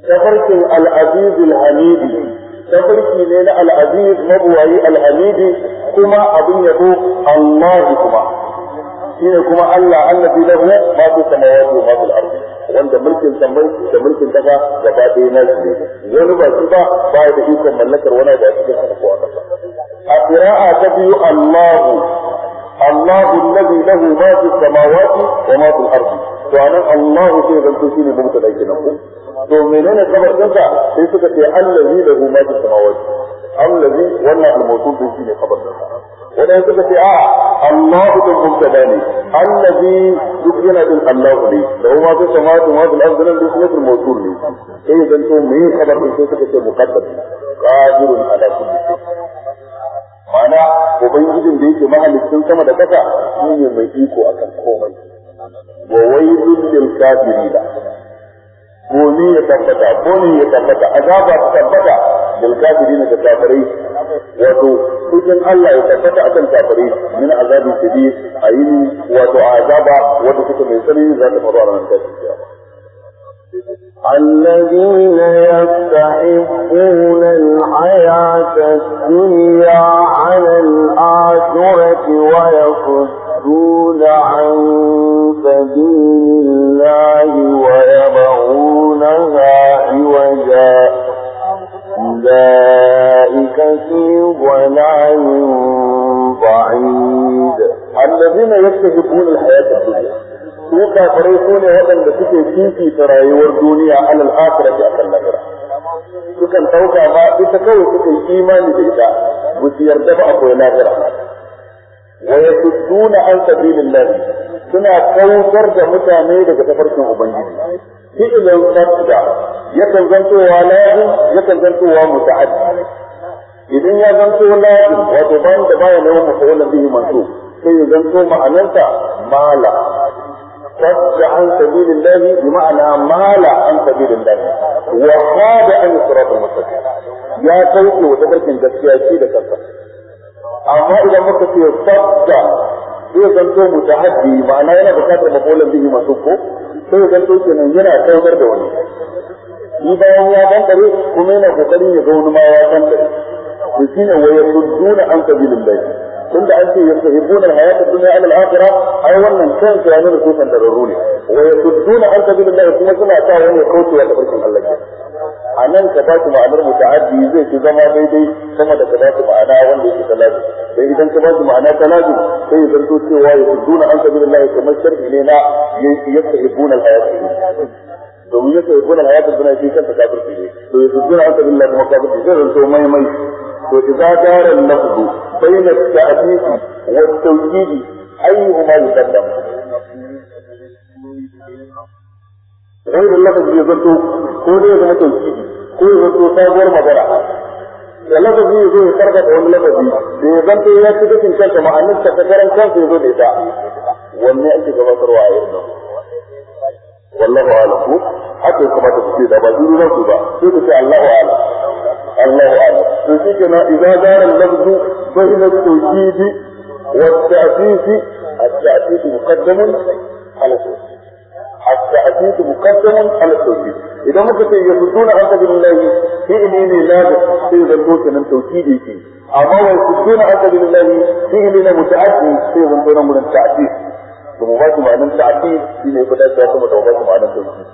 تفرك العزيز الحميد تفرك لنا العزيز مبوعي الحميد كما أبنيه الله كما shine kuma Allah allazi lahu ma fi samawati wa ma wanda mulkin samai da mulkin kasa gaba ɗaya na shi wani ba shi ba ba da ikon mallakar wani da cikin sarkuwa kasa a qira'a ta biyu allazi lahu ma fi samawati wa ma to anan zanto shine mutum da yake nan ko to menene kabar dinka sai suka ce allazi lahu ma fi samawati allazi wannan al shine kabar wadanda suka ce a Allah da mubtada ne allazi duk yana din Allahu ne da kuma su samatu wa bil ardi lahu quwwatul mawsul ne sai dan to me kabar sai suka ce muqaddam qadirun ala kulli shay mana ubangijin da yake mahalicin sama da kasa shi ne mai iko akan komai wa waylun lil kafirin komi ya tabbata komi ya tabbata azaba ta tabbata bil kafirin da kafirai wato Allah ya tabbata akan kafirai min azabin shadid ayin wato azaba wato suka mai tsanani za ta faru a ranar الذين يستحبون الحياة الدنيا على الآخرة ويصدون عن سبيل الله ويبغونها عوجا أولئك في ضلال بعيد الذين يستحبون الحياة الدنيا su kafirai su ne waɗanda suke fifita rayuwar duniya alal akhirati akan lahira sukan ɗauka ba ita kawai suka yi imani da ita ba su yarda ba akwai lahira wa yasudduna an sabilillahi suna kautar da mutane daga tafarkin ubangiji fi'ilin fasda yakan zantowa lazim yakan zantowa muta'addi idan ya zanto lazim wato bayan da baya nawa mafa'ulan bihi mansub sai ya zanto ma'anarsa mala صد عن سبيل الله بمعنى مال عن سبيل الله وصاد عن الصراط المستقيم يا سوقي وتبرك من جسياتي لك أما إذا مكتب صد sai zanto mutahaddi ma'ana yana bukatar makolan bihi masu ko sai zanto kenan yana saukar da wani ni bayan ya bantare kuma yana kokarin ya ga wani ma ya an tunda an ce yastahibuna alhayata dunya ala al-akhirah ai wannan kansu ya nuna kusan dararru ne wa yasudduna an sabilillahi kuma suna sa wani kauce wa tabarkin Allah ke a nan ka ba su ma'anar muta'addi zai fi zama daidai sama da ka ba su ma'ana wanda yake talazu sai idan ka ba su ma'ana talazu sai ya zanto cewa yasudduna an sabilillahi kamar sharhi ne na yastahibuna alhayata domin yastahibuna alhayata dunya shi kansa kafirci ne to yasudduna an sabilillahi kuma kafirci zai zanto mai mai وإذا دار اللفظ بين التأديب والتوجيه أيهما يقدم غير اللفظ يزنته كون يزنه توكيد كون يزنه صابر مبرع اللفظ يزنه يتربط عن اللفظ يزنته إن كن كنت مع النفس تكرم كنت يزنه إذا ومن أنت كبتر وعيرنا والله أعلم حتى كما تفيد أبا جيري نفسه بقى الله أعلم الله أعلم فشيكنا إذا دار اللفظ بين التوكيد والتأسيس التأسيس مقدم على التوكيد التأسيس مقدم على التوكيد إذا ممكن يصدون عن سبيل الله فعلي لازم سيد الدوس من توكيده أما ويصدون عن سبيل الله فعلي متعدي في الدوس من التعسيس ومباشر معنى التعسيس إلى إبداء سيكون متوقع معنى التوكيد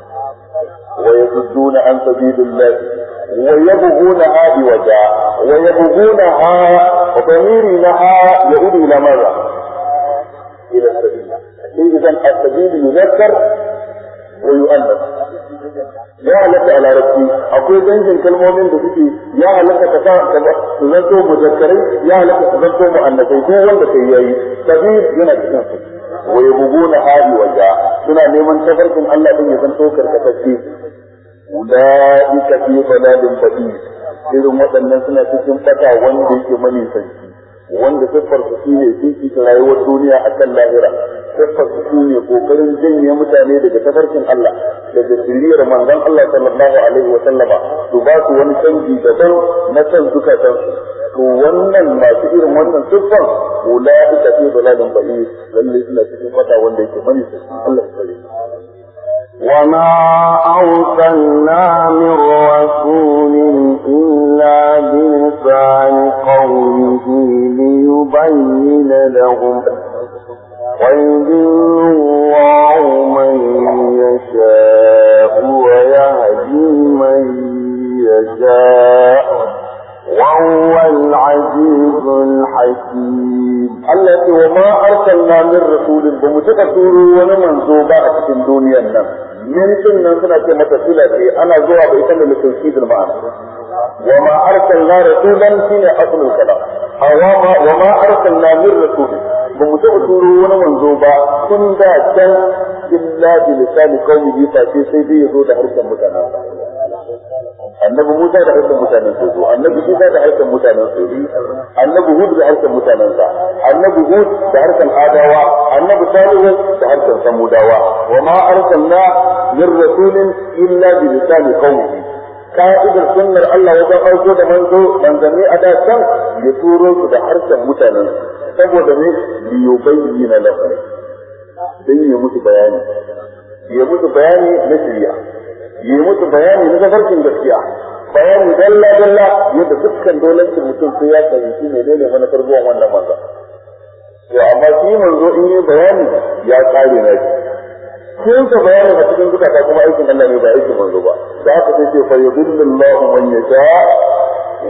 ويصدون عن سبيل الله ويبغونها عوجا ويبغونها ضميرها يعود الى ماذا؟ الى السبيل اذا السبيل يذكر ويؤنث يا لك على ربي اقول بنت كالمؤمن بكتي يا لك تذكر مذكرين يا لك تذكر مؤنثين هو الذي سبيل نفسه. wa na hadi waja suna neman tafarkin Allah ɗin ya zanto karkatacce ulaika fi dalalin badi irin waɗannan suna cikin fata wanda yake manisanci wanda siffar su shine fifita rayuwar duniya akan lahira siffar su shine kokarin janye mutane daga tafarkin Allah daga sirriyar manzon Allah sallallahu alaihi wa sallama su ba su wani canji daban na san zukatansu to wannan masu irin wannan siffar ulaika fi dalalin ba'id lalle suna cikin fata wanda yake mani su Allah kare وما أرسلنا من رسول إلا بلسان قومه ليبين لهم ويدل الله من يشاء ويهدي من يشاء وهو العزيز الحكيم التي وما أرسلنا من رسول بمجد رسول ومن زوباء في الدنيا النم من سنة سنة متسلة أنا زوباء بإتم لتنفيذ المعنى وما أرسلنا رسولا فينا أصل الكلام وما, وما أرسلنا من رسول بمجد رسول ومن زوباء كن ذا إلا بلسان قومه فاسي سيدي يزود هرسا متنافع annabi Musa da harshen mutanen Sodo annabi Isa da harshen mutanen Sodi annabi Hud da harshen mutanen sa annabi Hud da harshen Adawa annabi Salihu da harshen Samudawa wa ma arsalna min rasulin illa bi lisani qaumihi ka'idar sunnar Allah wajen aiko da manzo manzanni a da can ya turo su da harshen mutanen saboda ne li yubayyana lahum dan ya musu bayani ya musu bayani na shari'a yi mutu bayani na zafarkin gaskiya bayani dalla dalla yadda dukkan dolancin mutum sai ya fahimci ne dole mana zuwa wannan manzon to amma shi manzo in yi bayani ya kare na shi sun ka bayani a cikin zukata kuma aikin Allah ne ba aikin manzo ba da haka sai ce fa yudillillahu man yasha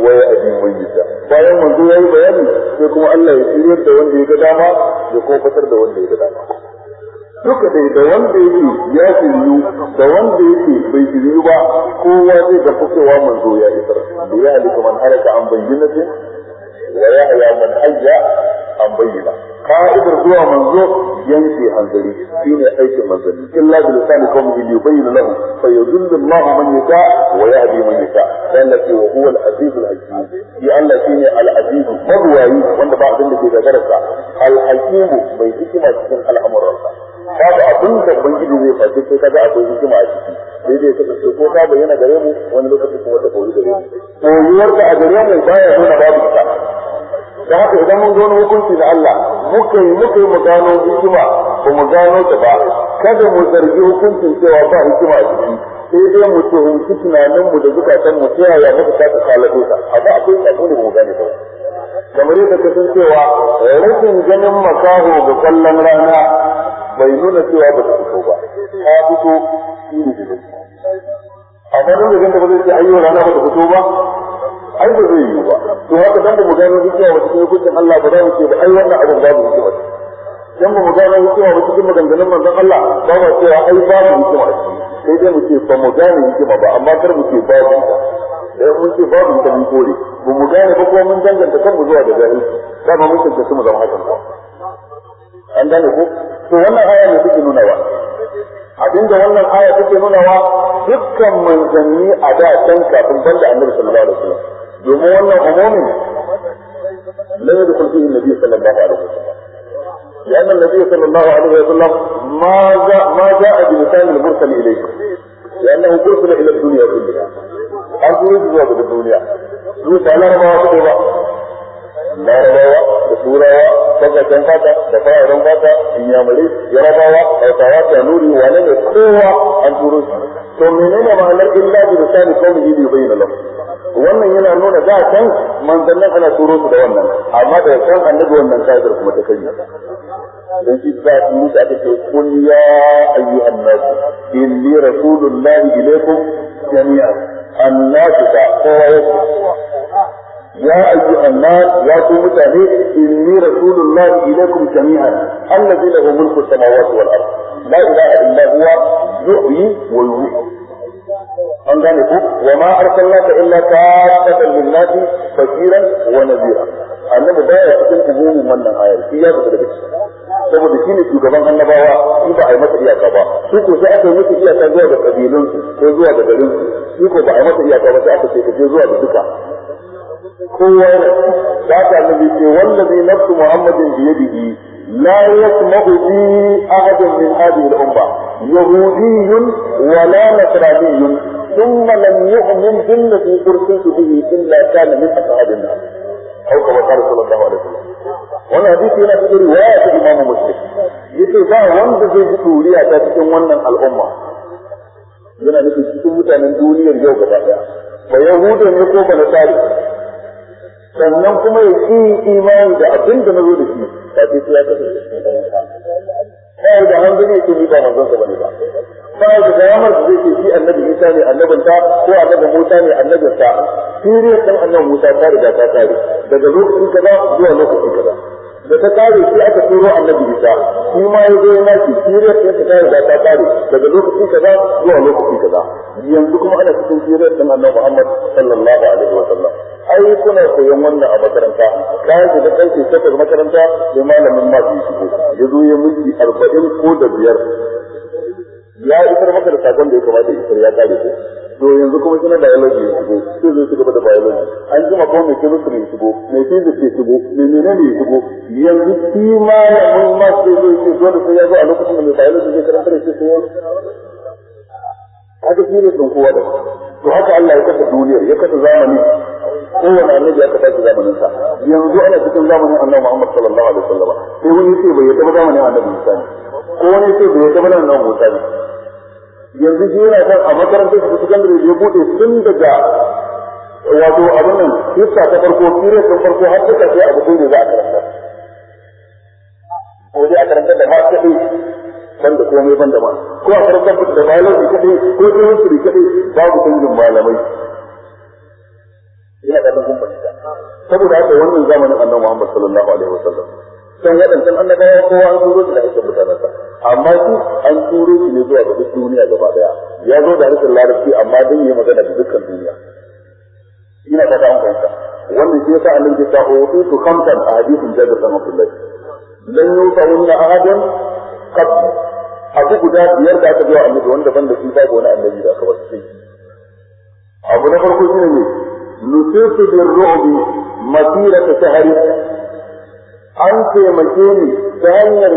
wa yahdi man yasha bayan manzo yayi bayani sai kuma Allah ya tsira da wanda ya ga dama ya kofatar da wanda ya ga dama duka dai da wanda ya ya yiwu, da wanda ya yake bai yiwu ba kowa zai ga cewa manzo ya isar da ya halika man halaka an bayyinatin wa ya haya man hayya an bayyana ka'idar zuwa manzo yanke hanzari shine aikin manzanni illa bi lisani qawmihi li yubayyana lahu fa yudillu Allahu man yasha wa yahdi man yasha dan la wa huwa al-aziz al-hakim shi Allah shine al-aziz mabwayi wanda ba abin da ke gagararsa al-hakim mai hikima cikin al'amuransa babu abin da ubangiji zai faɗi sai kaga akwai hikima a ciki sai dai kaga sai ko ka bayyana gare mu wani lokaci kuma ta koyi gare mu koyuwar da a gare mu baya nuna babu ita da haka idan mun gano hukunci na Allah muka yi muka yi mu gano hikima ba mu gano ta ba kada mu zargi hukuncin cewa ba hikima a ciki sai dai mu tuhumci tunaninmu da san mu ta yaya muka ta kalabe ta amma akwai abin da mu gane ba kamar yadda ka san cewa rashin ganin makaho ga kallon rana bai nuna cewa ba ta fito ba ta fito shi ne a amma da ganta ba zai ce ayyuka rana ba ta fito ba ai ba zai yi ba to haka dan ba mu gano cewa wata cikin hukuncin Allah ba za mu ce ba ai wannan abin babu hikima dan ba mu gano cewa wata cikin maganganun manzon Allah ba ma cewa ai babu hikima sai dai mu ce ba mu gane hikima ba amma kar mu ce babu da mun ce babu ta mun kore ba mu gane ba kuma mun danganta mu zuwa da jahilci dama mun tantance mu zama hakan ba an gane ko to wannan aya ne take nuna wa a abinda wannan aya take nuna wa dukkan manzanni a da can kafin banda annabi sallallahu alaihi wasallam domin wannan umumin la yadkhul fihi annabi sallallahu alaihi wasallam لأن النبي صلى الله عليه وسلم ما جاء ما جاء بلسان المرسل إليه لأنه أرسل إلى الدنيا كلها أرسل إلى الدنيا يوسف على ما وصفه larabawa da turawa bakacin fata da fararen fata inyamurai yarabawa hausawa da nuri wane ne kowa an turo shi to menene ma'anar illa bi lisani qawmihi bi bayyana lahu wannan yana nuna za can manzannin ana turo su da wannan amma da san annabi wannan kafir kuma ta kai dan shi za su musu aka ce kun ya ayyuhan nas inni rasulullahi ilaykum jami'a annasu ta kowa yake يا أيها الناس يا متعبين إني رسول الله إليكم جميعا الذي له ملك السماوات والأرض لا إله إلا هو يحيي ويميت an gane ku wa ma arsalnaka illa kafatan lin wa annabi da ya cikin umumin wannan ayar shi ya fita daga ciki saboda shi ne shugaban annabawa shi ba a yi masa iyaka ba su ko sai aka yi masa iyaka zuwa ga kabilun ko zuwa ga garin su shi ko ba a yi masa iyaka ba sai aka ce ka je zuwa ga duka kowa yana da ta annabi ce wallazi nafsu muhammadin bi yadihi la yasma'u bi ahadin min hadhihi al-umma yahudiyyun wa la nasraniyyun ثم لم يؤمن بالذي ارسلت به الا كان من اصحاب النار أو كما قال صلى الله عليه وسلم wannan hadisi yana cikin riwaya ta Imam Muslim yace ba wanda zai ji turiya ta cikin wannan al'umma yana nufin cikin mutanen duniyar yau gaba daya ba yahudu ne ko ba nasari sannan kuma ya ci imani da abin da na da shi ba sai ta ya kasance ba da hanzu ya ce yi ba manzon sa bane ba ba da kayamar da zai ce shi annabi Isa ne annabin ta ko annabi Musa ne annabin ta shi ne dan annabi Musa ta riga ta kare daga lokacin kaza zuwa lokacin ta kare shi aka turo annabi Isa shi ma ya zo yana ki siriyar sai ta kare ta kare daga lokaci kaza zuwa lokaci kaza yanzu kuma ana cikin siriyar din annabi Muhammad sallallahu alaihi wa sallam ai kuna koyon wannan a makaranta ka yi da kai ke makaranta sai malamin ma su shigo ya zo ya miki 40 ko da biyar ya isar maka da sakon da ya kamata isar ya kare ku to yanzu kuma shi na biology ya shigo shi zai shiga da biology an jima kuma mai chemistry ya shigo mai physics ya shigo mai menene ya shigo yanzu shi ma ya mun ma sai zai ce dole sai ya zo a lokacin da mai biology zai karanta da shi sai ya haka shi ne sun kowa da to haka Allah ya kasa duniyar ya kasa zamani kowane annabi ya tashi zamanin sa yanzu ana cikin zamanin annabi Muhammad sallallahu alaihi wasallam sai wani sai bai yadda zamanin annabi Musa ko wani sai bai yadda zamanin annabi Musa yanzu shi yana son a makarantar su da ya bude tun daga wato abin nan hissa ta farko period ta farko har duka sai a gudun da za a karanta ko dai a karanta da ma kaɗai ban da komai ban da ma ko a karanta da da kaɗai ko chemistry kaɗai babu yin malamai ina da dukkan fahimta saboda haka wannan zamanin annabi Muhammad sallallahu alaihi wasallam dan wadannan annabawa kowa an zo da mutanen mutanensa amma su an turo shi ne zuwa ga duk duniya gaba daya ya zo da harshen larabci amma dai yayi magana da dukkan duniya ina fata an fahimta wannan shi yasa annabi ya sa utu khamsan ahadithun jabir sama kullai lan yusawunna ahadan qabla abu guda biyar da aka biya annabi wanda ban da shi babu wani annabi da aka wasu sai abu na farko shine ne nusisu bin ru'bi ta shahari an taimake ni ta hanyar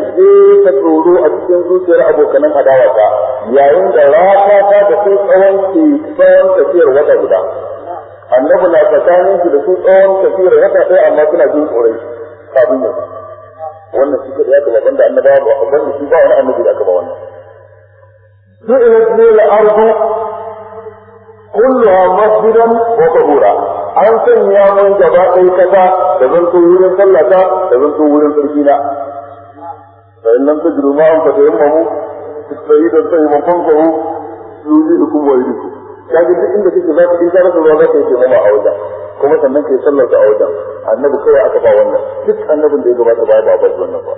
ta tsoro a cikin zuciyar abokanan adawata yayin da rata ta da sun tsawon tsawon tafiyar wata guda annabi na tsakanin su da su tsawon tafiyar wata ɗaya amma suna jin tsoron kafin yau wannan shi kaɗai ya kaba da annabawa ba da shi ba wani annabi da aka ba wannan su'ilat lil ardu kulluha masjidan wata an sanya mun gaba ɗaya kasa da zanto wurin sallata da zan zanto wurin sarki na fa in lam tajru ma an fatayammamu sayyidan sayyidan fanfahu yuzikum wa yudikum kaga duk inda kake za ka in ka rasa ruwa za ka yi kenan a wajen kuma sannan kai sallar ta a wajen annabi kawai aka ba wannan duk annabin da ya gabata ba ba ba wannan ba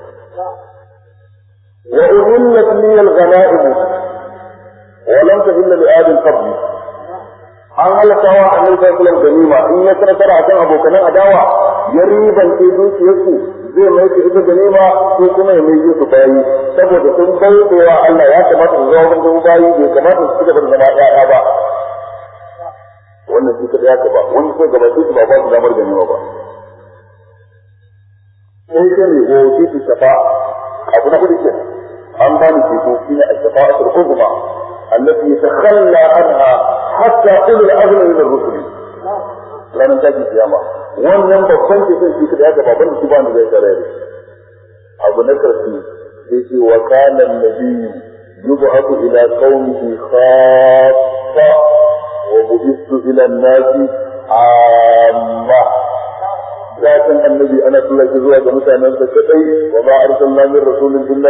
wa uhillat li al-ghanaim wa lam tahilla li adin qabli an halaka wa annabi sallallahu alaihi ganima in ya karkara akan abokanan adawa ya ribance dukiyarsu zai mai su ita ganima ko kuma ya mai su bayi saboda sun bautewa Allah ya kamata su zama wajen bayi bai kamata su cigaba da zama ƴaƴa ba wannan shi kadai haka ba wani ko gaba su ba ba su damar ganima ba sai ka ne gobe su shafa abu na hudu kenan an ba ni ceto shine a shafa'atul uzma التي تخلى عنها حتى قل الأغنى من الرسل ranar tashin kiyama wannan babban ke son shi kada ya gaba ban shi ba ni zai tare da abu na karfi sai ce wa kana nabiyyu yub'athu ila qaumihi khaffa wa bu'ithu ila an-nasi amma zakan annabi ana tura shi zuwa ga mutanen sa wa ba rasulin illa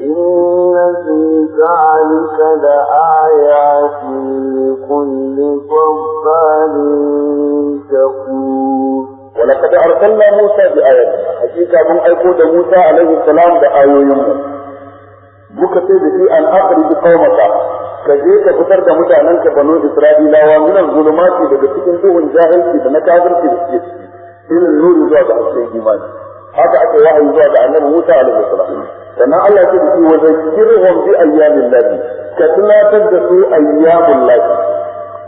إن في ذلك لآيات لكل صبار شكور ولقد أرسلنا موسى بآياتنا حقيقة من أيقود موسى عليه السلام بآيوين muka ce da shi an akhrij qaumaka ka je ka fitar da mutanenka banu isra'ilawa min zulumati daga cikin duhun jahilci da na kafirci da suke ciki ilin nuri zuwa ga hasken imani haka aka wahayi zuwa ga annabi Musa alaihi salam sannan Allah ya ce wa zakirhum bi ayyamin lahi ka tunatar da su ayyamin lahi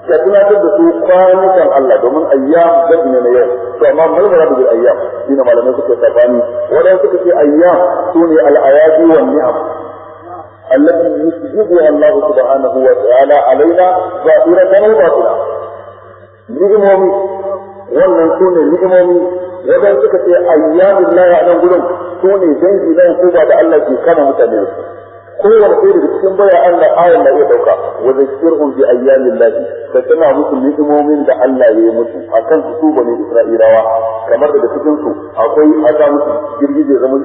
ka tunatar da su kwanukan Allah domin ayyam zai ne na yau to amma mai mara da ayyam shi ne malamai suke sabani wadanda suka ce ayyam su ne al'ayati wa ni'am allati yusjibuha Allah subhanahu wa ta'ala alaina zahiratan wa batina ni'imomi wannan su ne ni'imomi wajen suka ce ayyamin lahi a nan gudun su ne dangi na hukuma da Allah ke kama mutane su kowane ɗaya daga cikin baya Allah ayan na iya ɗauka wajen zakirhum bi ayyamin lahi da tana musu ni'imomin da Allah ya yi musu akan su su bane Isra'ilawa kamar daga cikin su akwai aka musu girgije zama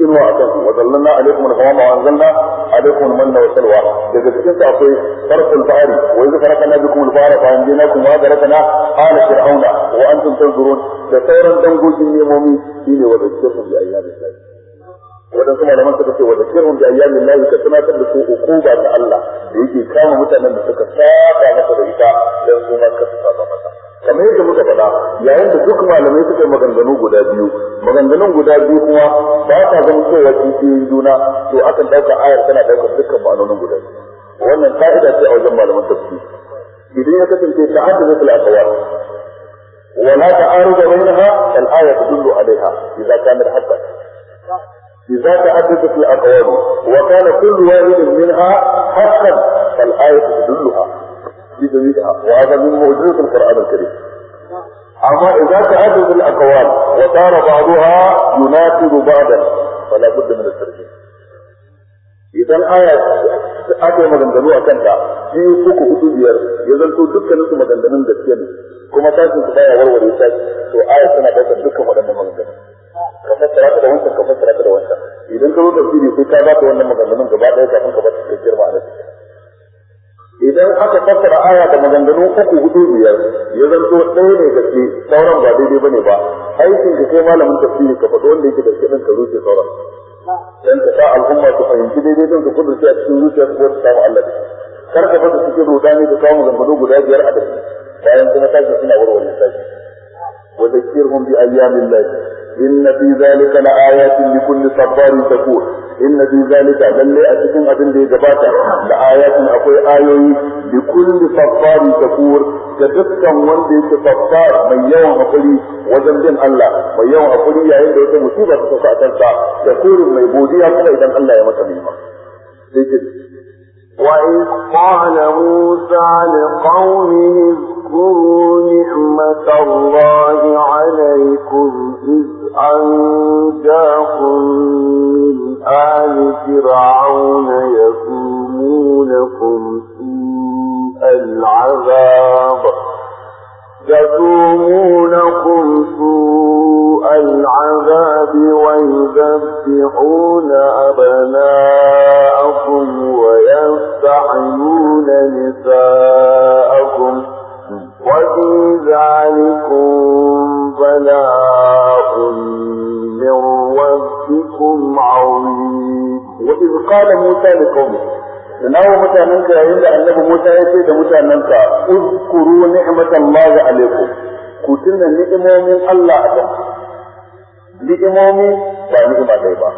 inuwa a kan su wa zallanna alaikum al-hawama wa anzalna alaikum al-manna wa daga cikin su akwai farqul bahri wa idza farakna bikum al-bahra fa anjaynakum wa adrakna ala fir'auna wa antum tanzurun da sauran dangogin nemomi shine wajen zakirhum bi ayyamin lahi waɗansu malaman suka ce wa zakirun bi ayyami Allah ka tunatar da su ukuba ta Allah da yake kama mutanen da suka saba masa da ita dan su ma ka saba masa kamar yadda muka faɗa yayin da duk malamai suka maganganu guda biyu maganganun guda biyu kuma ba ta zantowa kishiyoyin juna to akan ɗauka ayar tana ɗaukar dukkan ma'anonin guda biyu wannan fa'ida ce a wajen malaman tafsir idan ya kasance ta'addu fil a ولا تعارض بينها فالآية تدل عليها إذا كانت حقا إذا تحدثت الأقوال وكان كل واحد منها حقا فالآية تدلها بدليلها وهذا من موجود في القرآن الكريم أما إذا تعدد الأقوال وصار بعضها يناقض بعضا فلا بد من الترجمة إذا الآية أكل مغندلو أكنتا في فوق هدو بيار يزلتو دكا نسو مغندلو دكيا كما تاسم تبايا ورور يساك تو آية سنة بسا دكا مغندلو ka fassara ta da wancan ka fassara ta da wancan idan ka zo shi sai ka ba ka wannan maganganun gaba ɗaya kafin ka ba ta cikakkiyar ma'ana idan aka fassara aya da maganganun uku hudu biyar ya zanto ɗaya ne gaske sauran ba daidai bane ba aikin ka kai malamin tafsiri ka faɗi wanda yake da ɗin ka rushe sauran dan ka sa al'umma su fahimci daidai don ka kudurce a cikin zuciya su ta samu Allah kar ka fasa cikin rudani ka samu maganganu guda biyar a da bayan kuma tashi suna warware tashi wa zakirhum bi ayyamin lahi inna fi zalika la ayatin li kulli sabarin shakur inna fi zalika lalle a cikin abin da ya gabata da ayatin akwai ayoyi li kulli sabarin shakur ga dukkan wanda yake tafka mai yawan hakuri wajen bin Allah mai yawan hakuri yayin da wata musiba ta kasa a kansa shakurin mai godiya kuma idan Allah ya masa nima sai ke wa in qala musa li واذكروا نعمة الله عليكم إذ أنجاكم من آل فرعون يسومونكم العذاب يسومونكم سوء العذاب ويذبحون أبناءكم ويستحيون نساءكم وفي ذلكم بلاء من ربكم عظيم وإذ قال موسى لقومه tunawa mutanenka yayin da annabi Musa ya ce da mutanenka uzkuru ni'matallahi alaikum ku tuna ni'imomin Allah a kan ni'imomi ba ni'ima dai ba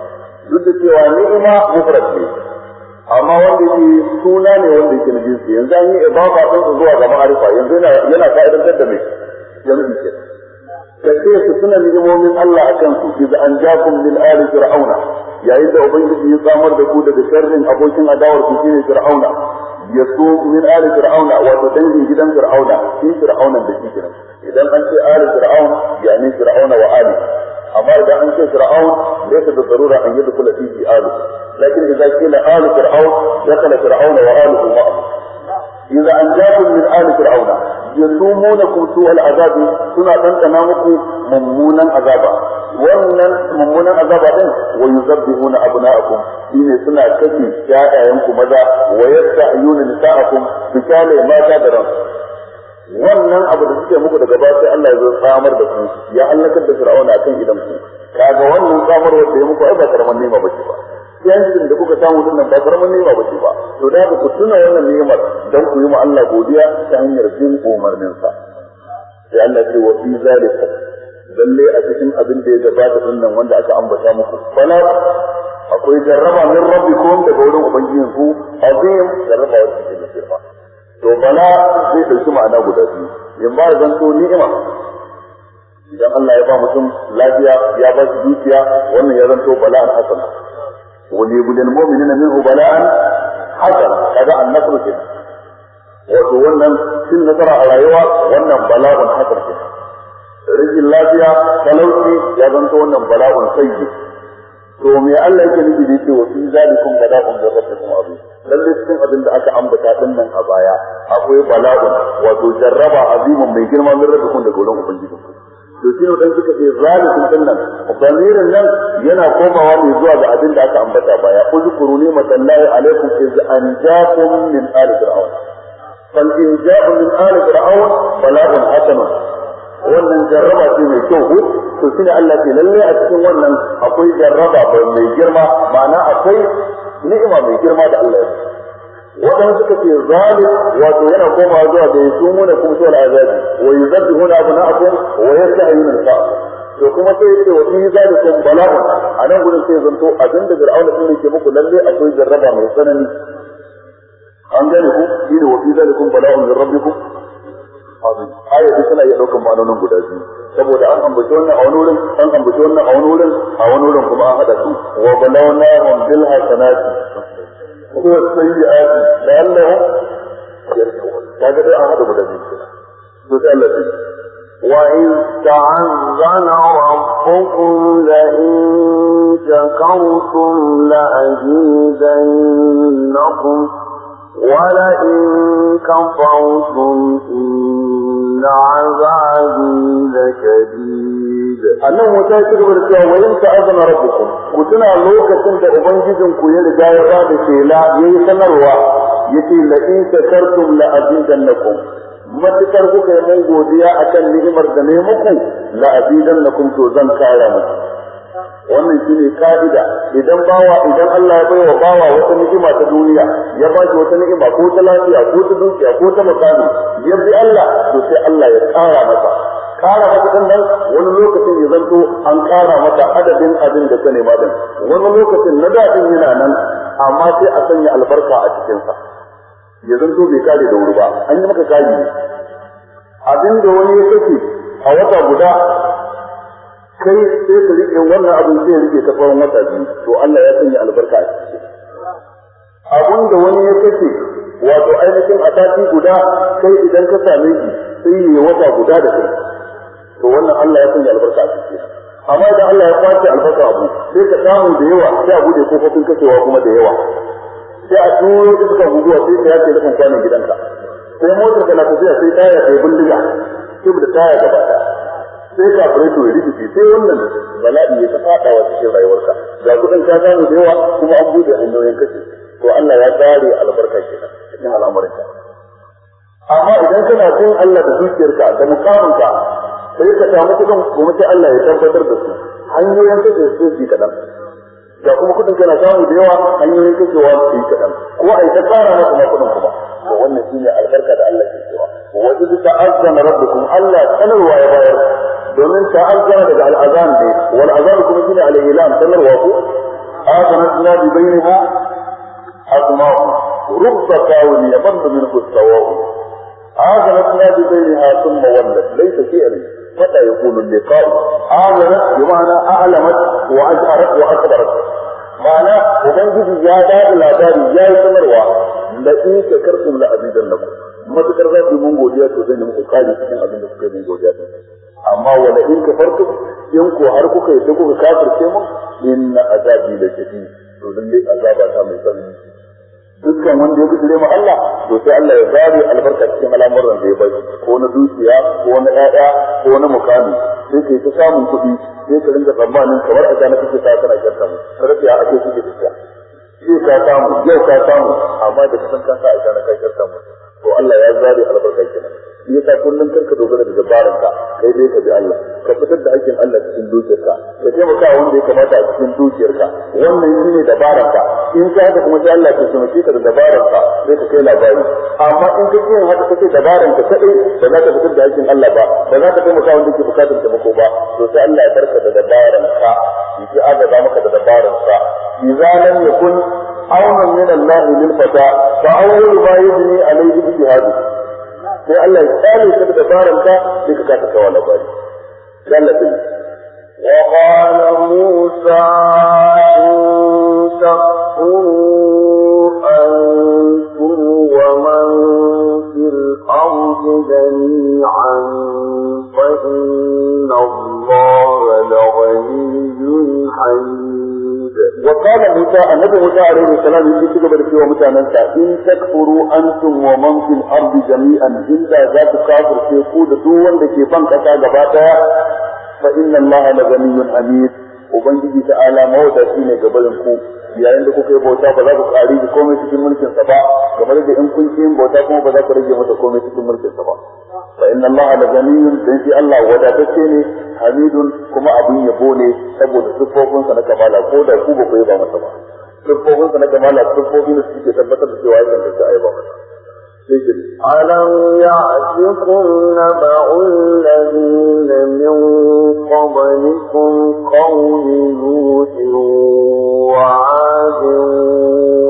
duk da cewa ni'ima mufrad amma wanda yake suna ne wanda yake na jinsi yanzu an yi ibaba din su zuwa ga ma'arifa yanzu yana yana fa'idantar da mai jami'i ke da sai su suna ni'imomin Allah akan su ki da an jakum min ali fir'auna yayin da ubangiji ya samar da ku daga sharrin abokin adawar ku shine fir'auna yasu min ali fir'auna wato dangin gidan fir'auna shi fir'auna da shi kenan idan an ce ali fir'aun yani fir'auna wa ali amma idan an ce fir'aun laysa da darura an yi yadkhula fihi ali لكن إذا قيل آل فرعون دخل فرعون وآله معه إذا أنجاكم من آل فرعون يسومونكم سوء العذاب سنة تنتنامكم ممونا عذابا wannan mummunan azaba din wa na abna'akum shine suna kashe ƴaƴayen ku maza wa yasta'yuna nisa'akum bi kale mata da ran wannan abu da suke muku daga baya Allah ya zo samar da ku ya halakar da fir'auna akan idan ku kaga wannan samar da ya muku ai ba karaman nema bace ba yankin da kuka samu dinnan ba karamin nema ba ce ba to da ku tuna wannan nemar don ku yi ma Allah godiya ta hanyar bin umarninsa sai Allah ce wa fi zalika lalle a cikin abin da ya gabata dinnan wanda aka ambata muku fala akwai jarraba min rabbikum daga wurin ubangijin ku azim jarraba wacce ke da girma to bala zai dauki ma'ana guda biyu in ba zan to ni'ima idan Allah ya ba mutum lafiya ya ba shi dukiya wannan ya zanto bala'an hasana وليبل المؤمنين منه بلاء حسنا هذا النصر كده wato wannan cin nasara a rayuwa wannan bala'un hasar ke rikin lafiya talauci ya zanto wannan bala'un sayyi to me Allah yake nufi da yake wa fi zalikum bala'un min rabbikum azim lalle cikin abin da aka ambata din a baya akwai bala'un wato jarraba azimin mai girma min daga to shi ne suka ce zalikum din nan damirin nan yana komawa ne zuwa ga abin da aka ambata baya uzkuru ni matallahi alaikum iz anjakum min ali fir'aun fal in ja'u min ali fir'aun wannan jarraba ce mai kyau ko to shine Allah ke lalle a cikin wannan akwai jarraba mai girma ma'ana akwai ni'ima mai girma da Allah ya wadanda suka ce zalim wato yana koma zuwa ga muna kuma shi al'azabi wa na abna'akum wa yastahyuna al-fa'a to kuma sai yake wa fi zalikum A anan gurin sai zanto abin da fir'auna din yake muku lalle akwai jarraba mai tsanani an gane ku shine wa fi kun bala'un min rabbikum azim aya duk suna iya daukan ma'anonin guda biyu saboda an ambaci wannan a wani wurin an ambaci wannan a wani wurin a wani wurin kuma an hada su wa na bil hasanati kuma sai ya aji da Allah ya da shi to sai Allah ya wa in ta'anzana rabbukum la in shakartum la ajidannakum ولئن كفرتم إن a nan wata ya cigaba da cewa wayin ta azana rabbukum ku tuna lokacin da ubangijin ku ya riga ya ba da shela ya yi sanarwa ya ce la in shakartum la lakum matukar kuka yi mun godiya akan ni'imar da ne muku la lakum to zan kara muku wannan shine ka'ida idan bawa idan Allah ya baiwa bawa wata ni'ima ta duniya ya ba shi wata ni'ima ko ta lafiya ko ta dukiya ko ta makami ya bi Allah to sai Allah ya kara masa kara maka kudin nan wani lokacin ya zanto an ƙara mata adadin abin da ka nema din wani lokacin na daɗin yana nan amma sai a sanya albarka a cikinsa ya zanto bai kare da wuri ba an yi maka kari ne abin da wani ya kake a wata guda kai sai ka riƙe wannan abin sai ya riƙe ta tsawon wata biyu to Allah ya sanya albarka a cikin abin da wani ya kake wato ainihin a guda kai idan ka same shi sai ya wata guda da kai to wannan Allah ya sanya albarka a cikin amma idan Allah ya kwace albarka abu sai ka samu da yawa sai a bude kofofin kacewa kuma da yawa sai a turo iskar guguwa sai ka yace nufin kwanan gidanka ko motar ka na tafiya sai taya kai bindiga sai da taya gaba ta sai ka fure to rikici sai wannan bala'i ya ta fada wa cikin rayuwarka ga kudin ka samu da yawa kuma an bude hanyoyin kace to Allah ya tsare albarka kenan cikin al'amuranka amma idan kana son Allah da zuciyarka da mukaminka sai ka samu kudin kuma sai Allah ya tabbatar da su hanyoyin da su su kadan da kuma kudin kana samu da yawa hanyoyin kashewa su yi kadan ko ai yi ta ƙara na kuma kudin kuma to wannan shi ne albarka da Allah ke cewa wajen ta azzana rabbukum Allah sanarwa ya bayar domin ta azzana daga al'azan ne wal azan kuma shine al-ilam sanarwa ku azana Allah bainaha asma'u رب قول يمن منه الثواب عاذ لنا بغيرها ثم ولت ليس شيئا متى يكون اللقاء آمنت بمعنى أعلمت وأشعرت وأكبرت معنى وبنجد يا دار الأباري يا سمروا لئن شكرتم لأزيدن ما تكرر في من godiya to zan yi muku cikin abin da kuka yi min godiya amma wala in kafartum in ko har kuka yi kuka kafirce mu inna azabi la to mai tsanani dukkan wanda ya bijire ma Allah to sai Allah ya zare albarka cikin al'amuran da ya bai ko na dukiya ko na ƴaƴa ko na mukami sai kai ta samun kuɗi sai ka rinka tsammanin kamar a gane kake ta kana kyanta mu sarfi a ake kike tafiya sai ka samu yau ka samu amma da kasan ka sa a gane ka kyanta mu to Allah ya zare albarka kenan shi yasa kullum karka dogara da dabaran ka kai dai ka bi Allah ka fitar da aikin Allah cikin dukiyarka ka taimaka wanda ya kamata a cikin dukiyarka wannan shine dabaran ka in ka haka kuma sai Allah ke taimake ka da dabaran ka sai ka kai labari amma in ka yin haka kace dabaran ka kadai ba za ka fitar da aikin Allah ba ba za ka taimaka wanda yake bukatar taimako ba to sai Allah ya barka da dabaran ka yake agaza maka da dabaran ka idza lam yakun aunan min Allah lil fata fa awwal ma yubni alayhi ijtihadu ko Allah ya tsare ka da dabaran ka duka ka ta kawo labari dan Allah وقال موسى إن تكفروا أنتم ومن في وقال موسى النبي موسى عليه السلام ci gaba da cewa mutanen sa in takfuru antum wa man fil ardi jami'an inda za ku kafirce ku da duk wanda ke ban kasa gaba daya fa inna allaha la ghaniyyun hamid ubangiji ta'ala mawadaci ne gaban ku yayin da kuka yi bauta ba za ku ƙari da komai cikin mulkin sa ba kamar da in kun yin bauta kuma ba za ku rage masa komai cikin mulkin sa ba fa inna Allah la ganiyun dan shi Allah wadatacce ne hamidun kuma abin yabo ne saboda siffofin sa na kamala ko da ku ba ku yi ba masa ba siffofin sa na kamala siffofi da suke tabbatar da cewa ya tantance ayyuka masa ألم يعتكم نبأ الذين من قبلكم قوم نوح وعاد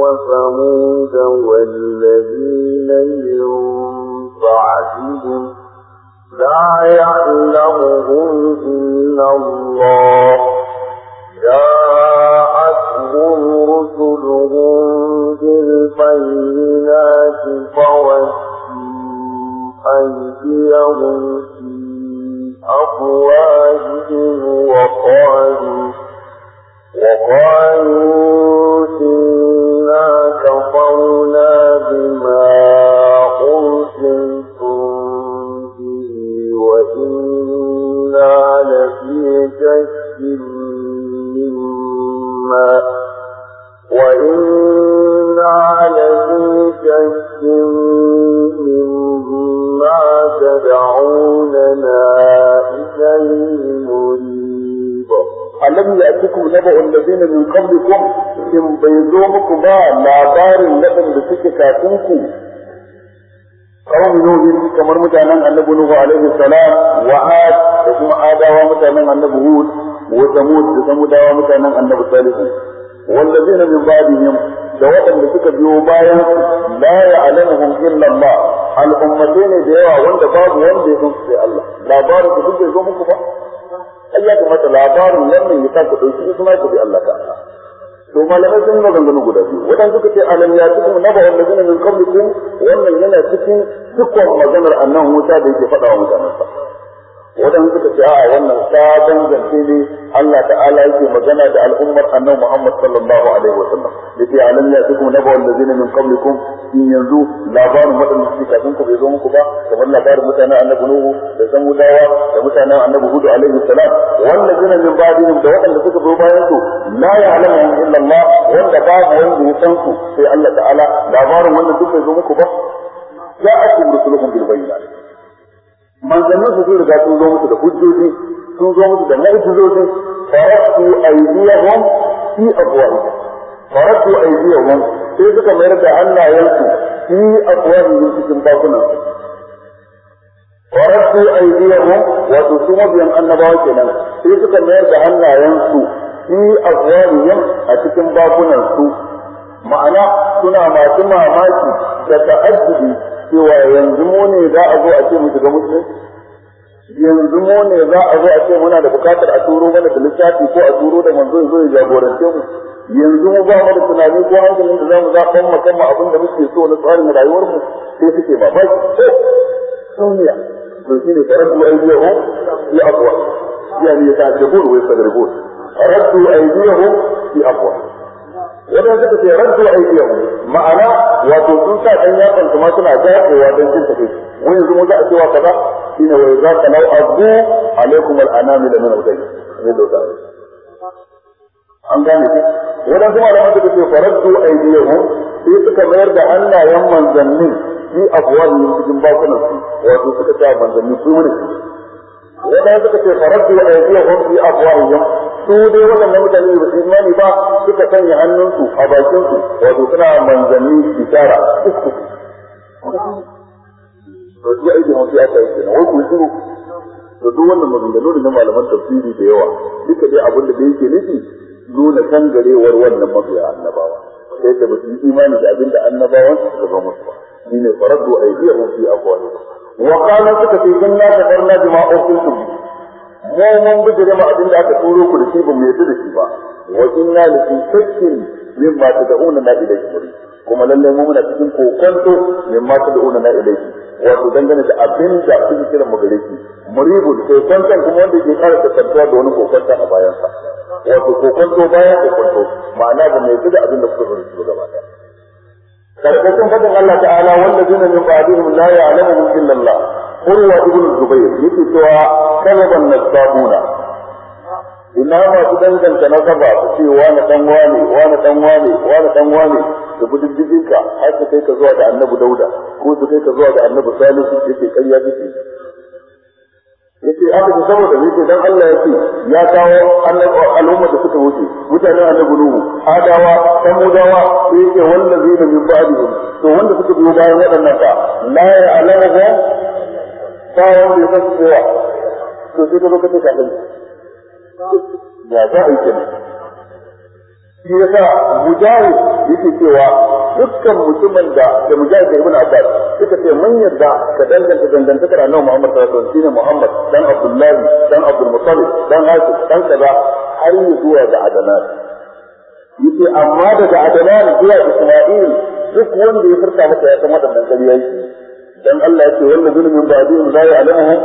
وثمود والذين من بعدهم لا يعلمهم إلا الله جاء جاءتهم رسلهم بالبينات فوسوا أيديهم في أفواههم وقالوا وقالوا إنا كفرنا بما أرسلتم به وإنا لفي شك مما وإنا لفي شك مما تدعوننا إليه مريب ألم يأتكم نبأ الذين من قبلكم إن بيزومكم ما دار لكم بسكتاتكم قوم نوح كما متانا النبي نوح عليه السلام وعاد وكما آدى ومتانا النبي هود وثمود وثمود ومتانا النبي صالح والذين من بعدهم da waɗanda suka biyo bayan la ya'lamuhum illa Allah al'ummatai ne da yawa wanda babu wanda ya san Allah labarin ku duk bai zo muku ba ya kamata labarin wannan ya saka dauki kuma ku bi Allah ta'ala to malamai sun maganganu guda biyu wadan suka ce alam ya tukum na ba'an da min qablikum wannan yana cikin cikon maganar annan wuta da yake faɗawa wa mutanensa waɗanda suka ce a wannan sabon zance ne Allah ta'ala yake magana da al'ummar annabi Muhammad sallallahu alaihi wasallam yace alam ya tukum nabu allazina min qablikum in yanzu labarin waɗanda suke kafin ku bai zo muku ba kamar labarin mutanen annabi Nuhu da Samudawa da mutanen annabi Hud alaihi salam wannan zina min ba'dihim da waɗanda suka zo bayan su la ya'lamu illa Allah wanda babu wanda ya san su sai Allah ta'ala labarin wanda duk bai zo muku ba ja'akum rusuluhum bil bayyinati manzannin su sun riga sun zo musu da hujjoji sun zo musu da mu'jizoji faratu aydiyahum fi yi faratu aydiyahum sai suka mayar da hannayensu fi afwahihim cikin bakunan faratu aydiyahum wato su mabiyan annabawa kenan sai suka mayar da hannayensu fi afwahihim a cikin bakunan su ma'ana suna masu mamaki da ta'addubi cewa yanzu mu ne za a zo a ce mu shiga musulunci yanzu mu ne za a zo a ce muna da bukatar a turo mana da littafi ko a turo da manzo ya zo ya jagorance mu yanzu mu ba mu da tunani ko hankalin da za mu zaɓan mu kan abin da muke so na tsarin rayuwar mu sai suke ba baki sauniya to shine taraddu aydiyahum fi aqwa yani yata'addabun wa yastagribun raddu aydiyahum fi aqwa wanda suka ce rantu raddu aidiyahu ma'ana wato sun sa dan yatsan kuma suna jakowa don jin tafi wani yanzu mun za a cewa kaza shi ne wani za ka nau a abu alaikum al'anami da min al ne da an gane shi wadan kuma da suka ce a yi faraddu aidiyahu sai suka mayar da hannayen manzannin fi afwahi cikin bakunan su wato suka ta manzanni su ne wadan suka ce faraddu aidiyahum fi afwahihim su dai waɗannan mutane ba su imani ba suka sanya hannunsu a bakinsu wato suna manzanni bishara uku to shi aiki mun sai aka yi kenan wai ku shiru to duk wannan maganganu ne na malaman tafsiri da yawa duka dai abin da yake nufi nuna kan garewar wannan mabiya annabawa sai da ba su yi imani da abin da annabawan su suka zo musu ba shine faraddu aydiyahum fi afwahihim wa qala suka fi kunna tafarna bima ursiltum mu mun bijire ma abin da aka turo ku da shi ba mu yarda da shi ba wa inna la fi shakkin mimma tad'una na ilayhi muri kuma lalle mu muna cikin kokonto mimma tad'una na ilayhi wato dangane da abin da kuke kira mu gare shi muribul kokonton kuma wanda ke fara ta kasantuwa da wani kokonto a bayan sa wato kokonto bayan kokonto ma'ana ba mu yarda da abinda da kuka shi gaba ɗaya karkashin fadin Allah ta'ala wanda zina min ba'dihim la ya'lamu illa Allah urwa ibn zubair yake cewa kalaban nasabuna ina su danganta na saba su ce wani dan wani wani dan wani wani dan wani da budin ka har su kai ka zuwa da annabi dauda ko su kai ka zuwa da annabi salisu yake karya kike yake aka ji saboda yake dan Allah yake ya kawo al'umma da suka wuce mutanen annabi nuhu adawa samudawa sai yake wallazi da min ba'dihim to wanda suka biyo bayan waɗannan ka la ya'lamu bayan bai san kowa to sai ka zo ka ce ka ya za a yi kenan shi yasa mujahid yake cewa dukkan mutumin da da mujahid da ibn abbas suka ce mun yarda ka danganta dangantakar annabi muhammad sallallahu alaihi wasallam muhammad dan abdullahi dan abdul muttalib dan hasim dan kaza har yi zuwa da adanan yace amma daga adanan zuwa isma'il duk wanda ya furta maka ya san waɗannan ƙarya yake dan Allah yake wanda zulmin ba zai zai alama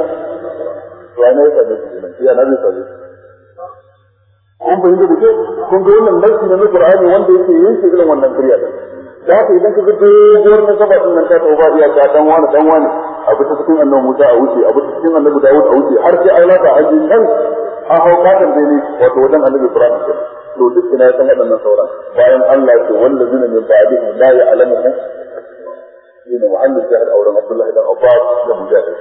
wa ne ka da shi ya nabi sallallahu alaihi kun fahimta da ke kun ga wannan nasi na Qur'ani wanda yake yanke irin wannan ƙarya da da haka idan ka ga dogon na saba din nan ta tauba iya ka dan wani dan wani abu ta cikin annabi Musa a wuce abu ta cikin annabi Dawud a wuce har sai Allah ta haji kan a hauƙatan da ne wato wajen annabi Ibrahim ke to duk ina ya san waɗannan sauran bayan Allah ya ce wanda zulmin ba'dihi la ya'lamu shine muhallin jihar auren Abdullahi dan Abbas da Mujahid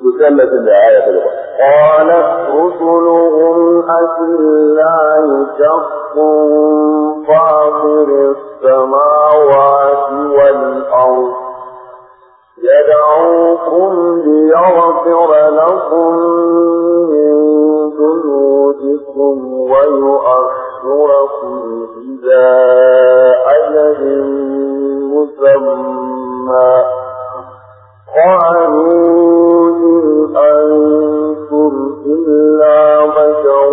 وسلت الآية الأخرى قالت رسلهم أفي الله شق فاطر السماوات والأرض يدعوكم ليغفر لكم من جنودكم ويؤخركم إذا أجل لما قالوا إن أنتم إلا بشر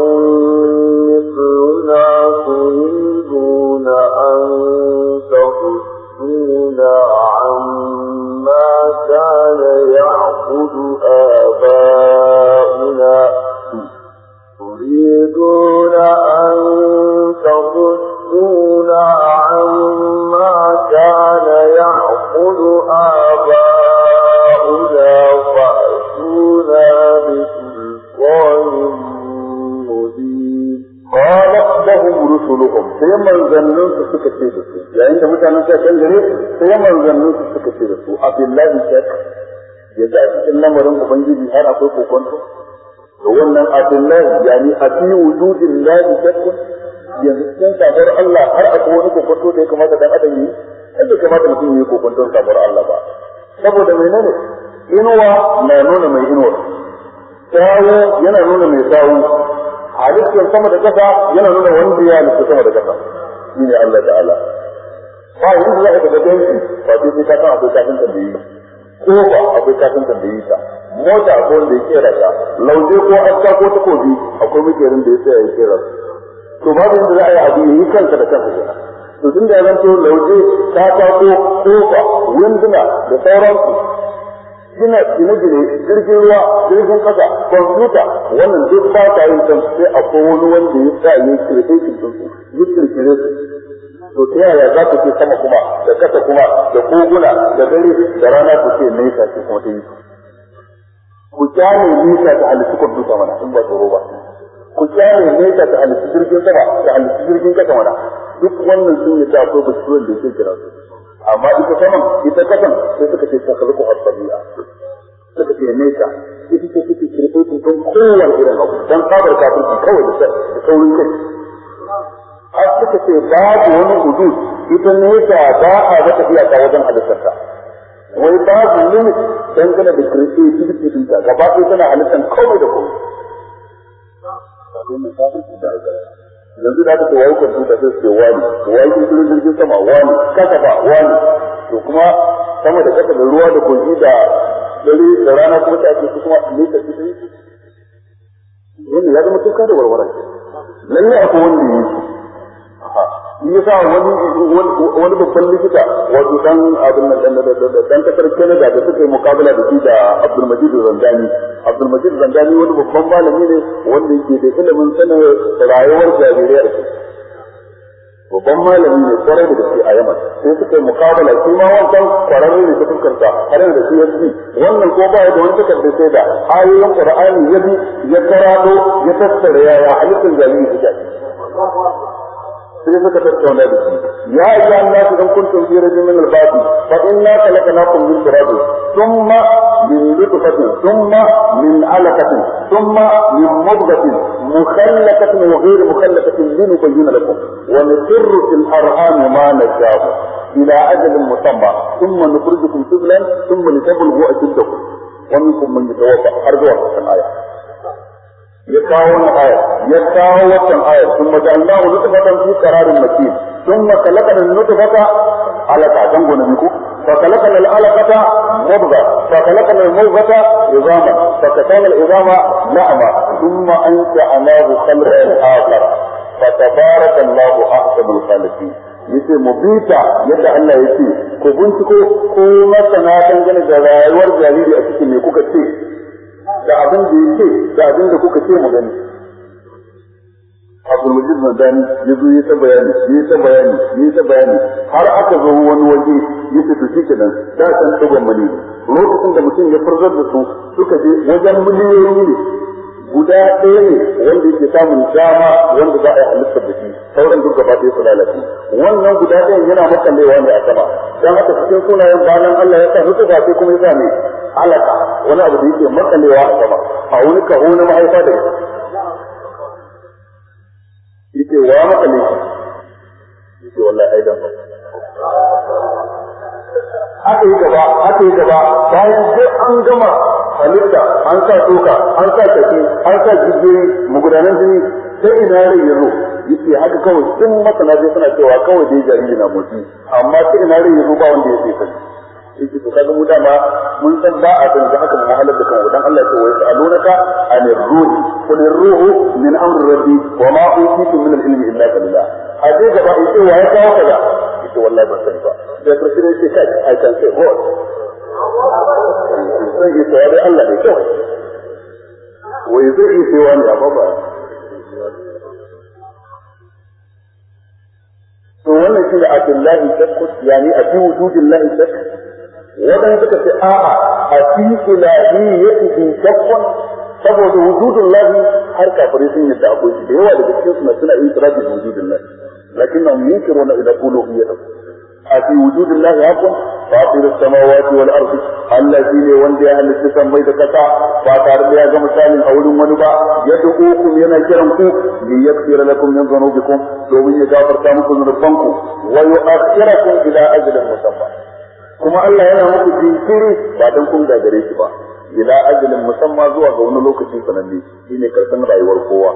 مثلنا تريدون أن تخفونا عما كان يعبد آباؤنا تريدون أن تخفونا عما rusuhum sai manzannin su suka ce da su yayin da mutanen suka kan gare sai manzannin su suka ce da su a billahi shak yadda a cikin lamarin ubangiji har akwai kokonto da wannan a billahi yani a fi wujudin lahi shak yanzu cikin sabar Allah har akwai wani kokonto da ya kamata dan adam yi inda kamata mutum yi kokonton sabar Allah ba saboda menene inuwa na nuna mai inuwa sawu yana nuna mai sawu halittar sama da kasa yana nuna wanda ya halitta sama da kasa shi ne Allah ta'ala ba yi za ka daga ganshi ba sai sai ka akwai kafin tambayi ba akwai kafin tambayi ta mota ko wanda ya kera ta lauje ko aska ko takobi akwai mutanen da ya tsaya ya kera to ba da za a yi abu yi kanka da kanka kenan to tun da ya zanto lauje ta ko kofa da sauransu suna gine-gine jirgin ruwa jirgin kasa kwamfuta wannan duk ba ta yin kan sai a wani wanda ya sa ya kirkire shi su yi kirkire su to ta yaya za ta ce sama kuma da kasa kuma da koguna da dare da rana ku ce me sa ce kuma ta yi ku kyale nisa ta halittu kwamfuta mana in ba tsoro ba ku kyale nisa ta halittu jirgin sama ta halittu jirgin kasa mana duk wannan sun yi ta akwai basirar da ya kira su amma ita saman ita kasan sai suka ce ta kalu ku hasabi'a suka ce nesa ita ce suke kirkir kirkin kowane irin abu don tsabar kafin kawai da saurin kai har suka ce babu wani hudud ita ne nesa ba a mata ta wajen halittarta wai ba babu limit dangane da kirki kirki din ta gaba ɗaya tana halittar komai da komai yanzu da aka ce wai da tuta sai ce wani wai kun turin jirgin sama wani kasa ba wani to kuma sama da kasa da ruwa da kogi da dare da rana kuma ta kuma a leka wannan ya zama tuka da lalle akwai wanda ya yi ya sa wani babban likita wato dan abin nan dan kasar Canada da suka yi mukabala da shi da Abdulmajid Zandani Zandani wani babban malami ne wanda yake da ilimin sanin rayuwar jarirai a cikin babban malami ne kwarai da gaske a yaman sai suka yi mukabala su ma wancan kwararre ne ta fuskanta har da su wannan ko ba da wani takardar sai da ayoyin qur'ani ya bi ya karado ya tattara yaya halittar jariri suke sai suka tattauna da shi ya ayyuha an-nasu in kuntum fi rajin min al-baqi fa inna khalaqnakum min turab thumma min nutfatin thumma min alaqatin thumma min mudghatin mukhallaqatin wa ghayr mukhallaqatin linubayyana lakum wa nusirru fil arham ma nasha'u إلى أجل مسمى ثم نخرجكم طفلا ثم لتبلغوا أشدكم ومنكم من يتوفى أرجو هذه الآية ya kawo wani aya ya kawo wancan aya sun maja Allah wa nutfatan fi qararin makin sun ma kalakal nutfata alaka dan gonami ko fa kalakal alaka mubgha fa kalakal mubghata izama fa kalakal izama la'ama thumma anta anahu khalqan akhar fa tabarakallahu ahsanul khaliqin yace mu bita yadda Allah yake ku binciko ko masana dangane da rayuwar jariri a cikin abin da ya ce da abin da kuka ce mu gani abul majid madani ya zo ya ta bayani ya ta bayani ya ta bayani har aka zo wani waje ya ce to shikenan da san tuban mali lokacin da mutum ya furzar da su suka je wajen miliyoyi ne guda ɗaya ne wanda yake samun dama wanda za a yi halittar da shi sauran duk gaba ɗaya su lalace wannan guda ɗayan yana makallewa ne a sama don haka cikin sunayen bayan Allah ya sa mutu ba sai kuma ya sa ne alaka wani abu da yake makalewa a sama a wani kaho na mahaifa da yake yake wa makale shi yake wallahi aidan ba haka yi gaba haka yi gaba bayan sai an gama halitta an sa toka an sa kake an sa jijiyoyi magudanan jini sai ina rai ya zo yake haka kawai sun masana sai suna cewa kawai dai jariri na motsi amma sai ina rai ya zo ba wanda ya sai sani yake to kaga mu dama mun san ba a san da haka mu halar da kanmu dan Allah ya ce wa yasalunaka anir ruhi qul ruhu min amri rabbi wa ma utitu min al-ilmi illa qalila a dai gaba in ce wa ya kawo kaza yace wallahi ban sani ba da karshe ne ce kai I can say God sai ya ce dai Allah ne kawai wa zai ce wani abu ba to wannan shi da abdullahi shakku yani a fi wujudillahi shakku wadan suka ce a'a a fi ilahiyyatihi shakkun saboda wujudun lahi har kafirai sun da akwai shi da yawa daga cikin suna suna yin kirabi da wujudun lahi lakin nan yunkiru na ila qulu hiyatu a fi wujudun lahi hakun fatir wati wani ardi Allah shi ne wanda ya halitta mai da kasa ba tare da ya ga misalin a wurin wani ba ya ku yana kiran ku li yanzu lakum min dhunubikum domin ya gafarta muku zunubanku wa yu'akhirakum ila ajalin musamma kuma Allah yana muku jinkiri ba dan kun gare shi ba ila ajalin musamma zuwa ga wani lokaci sananne shine karshen rayuwar kowa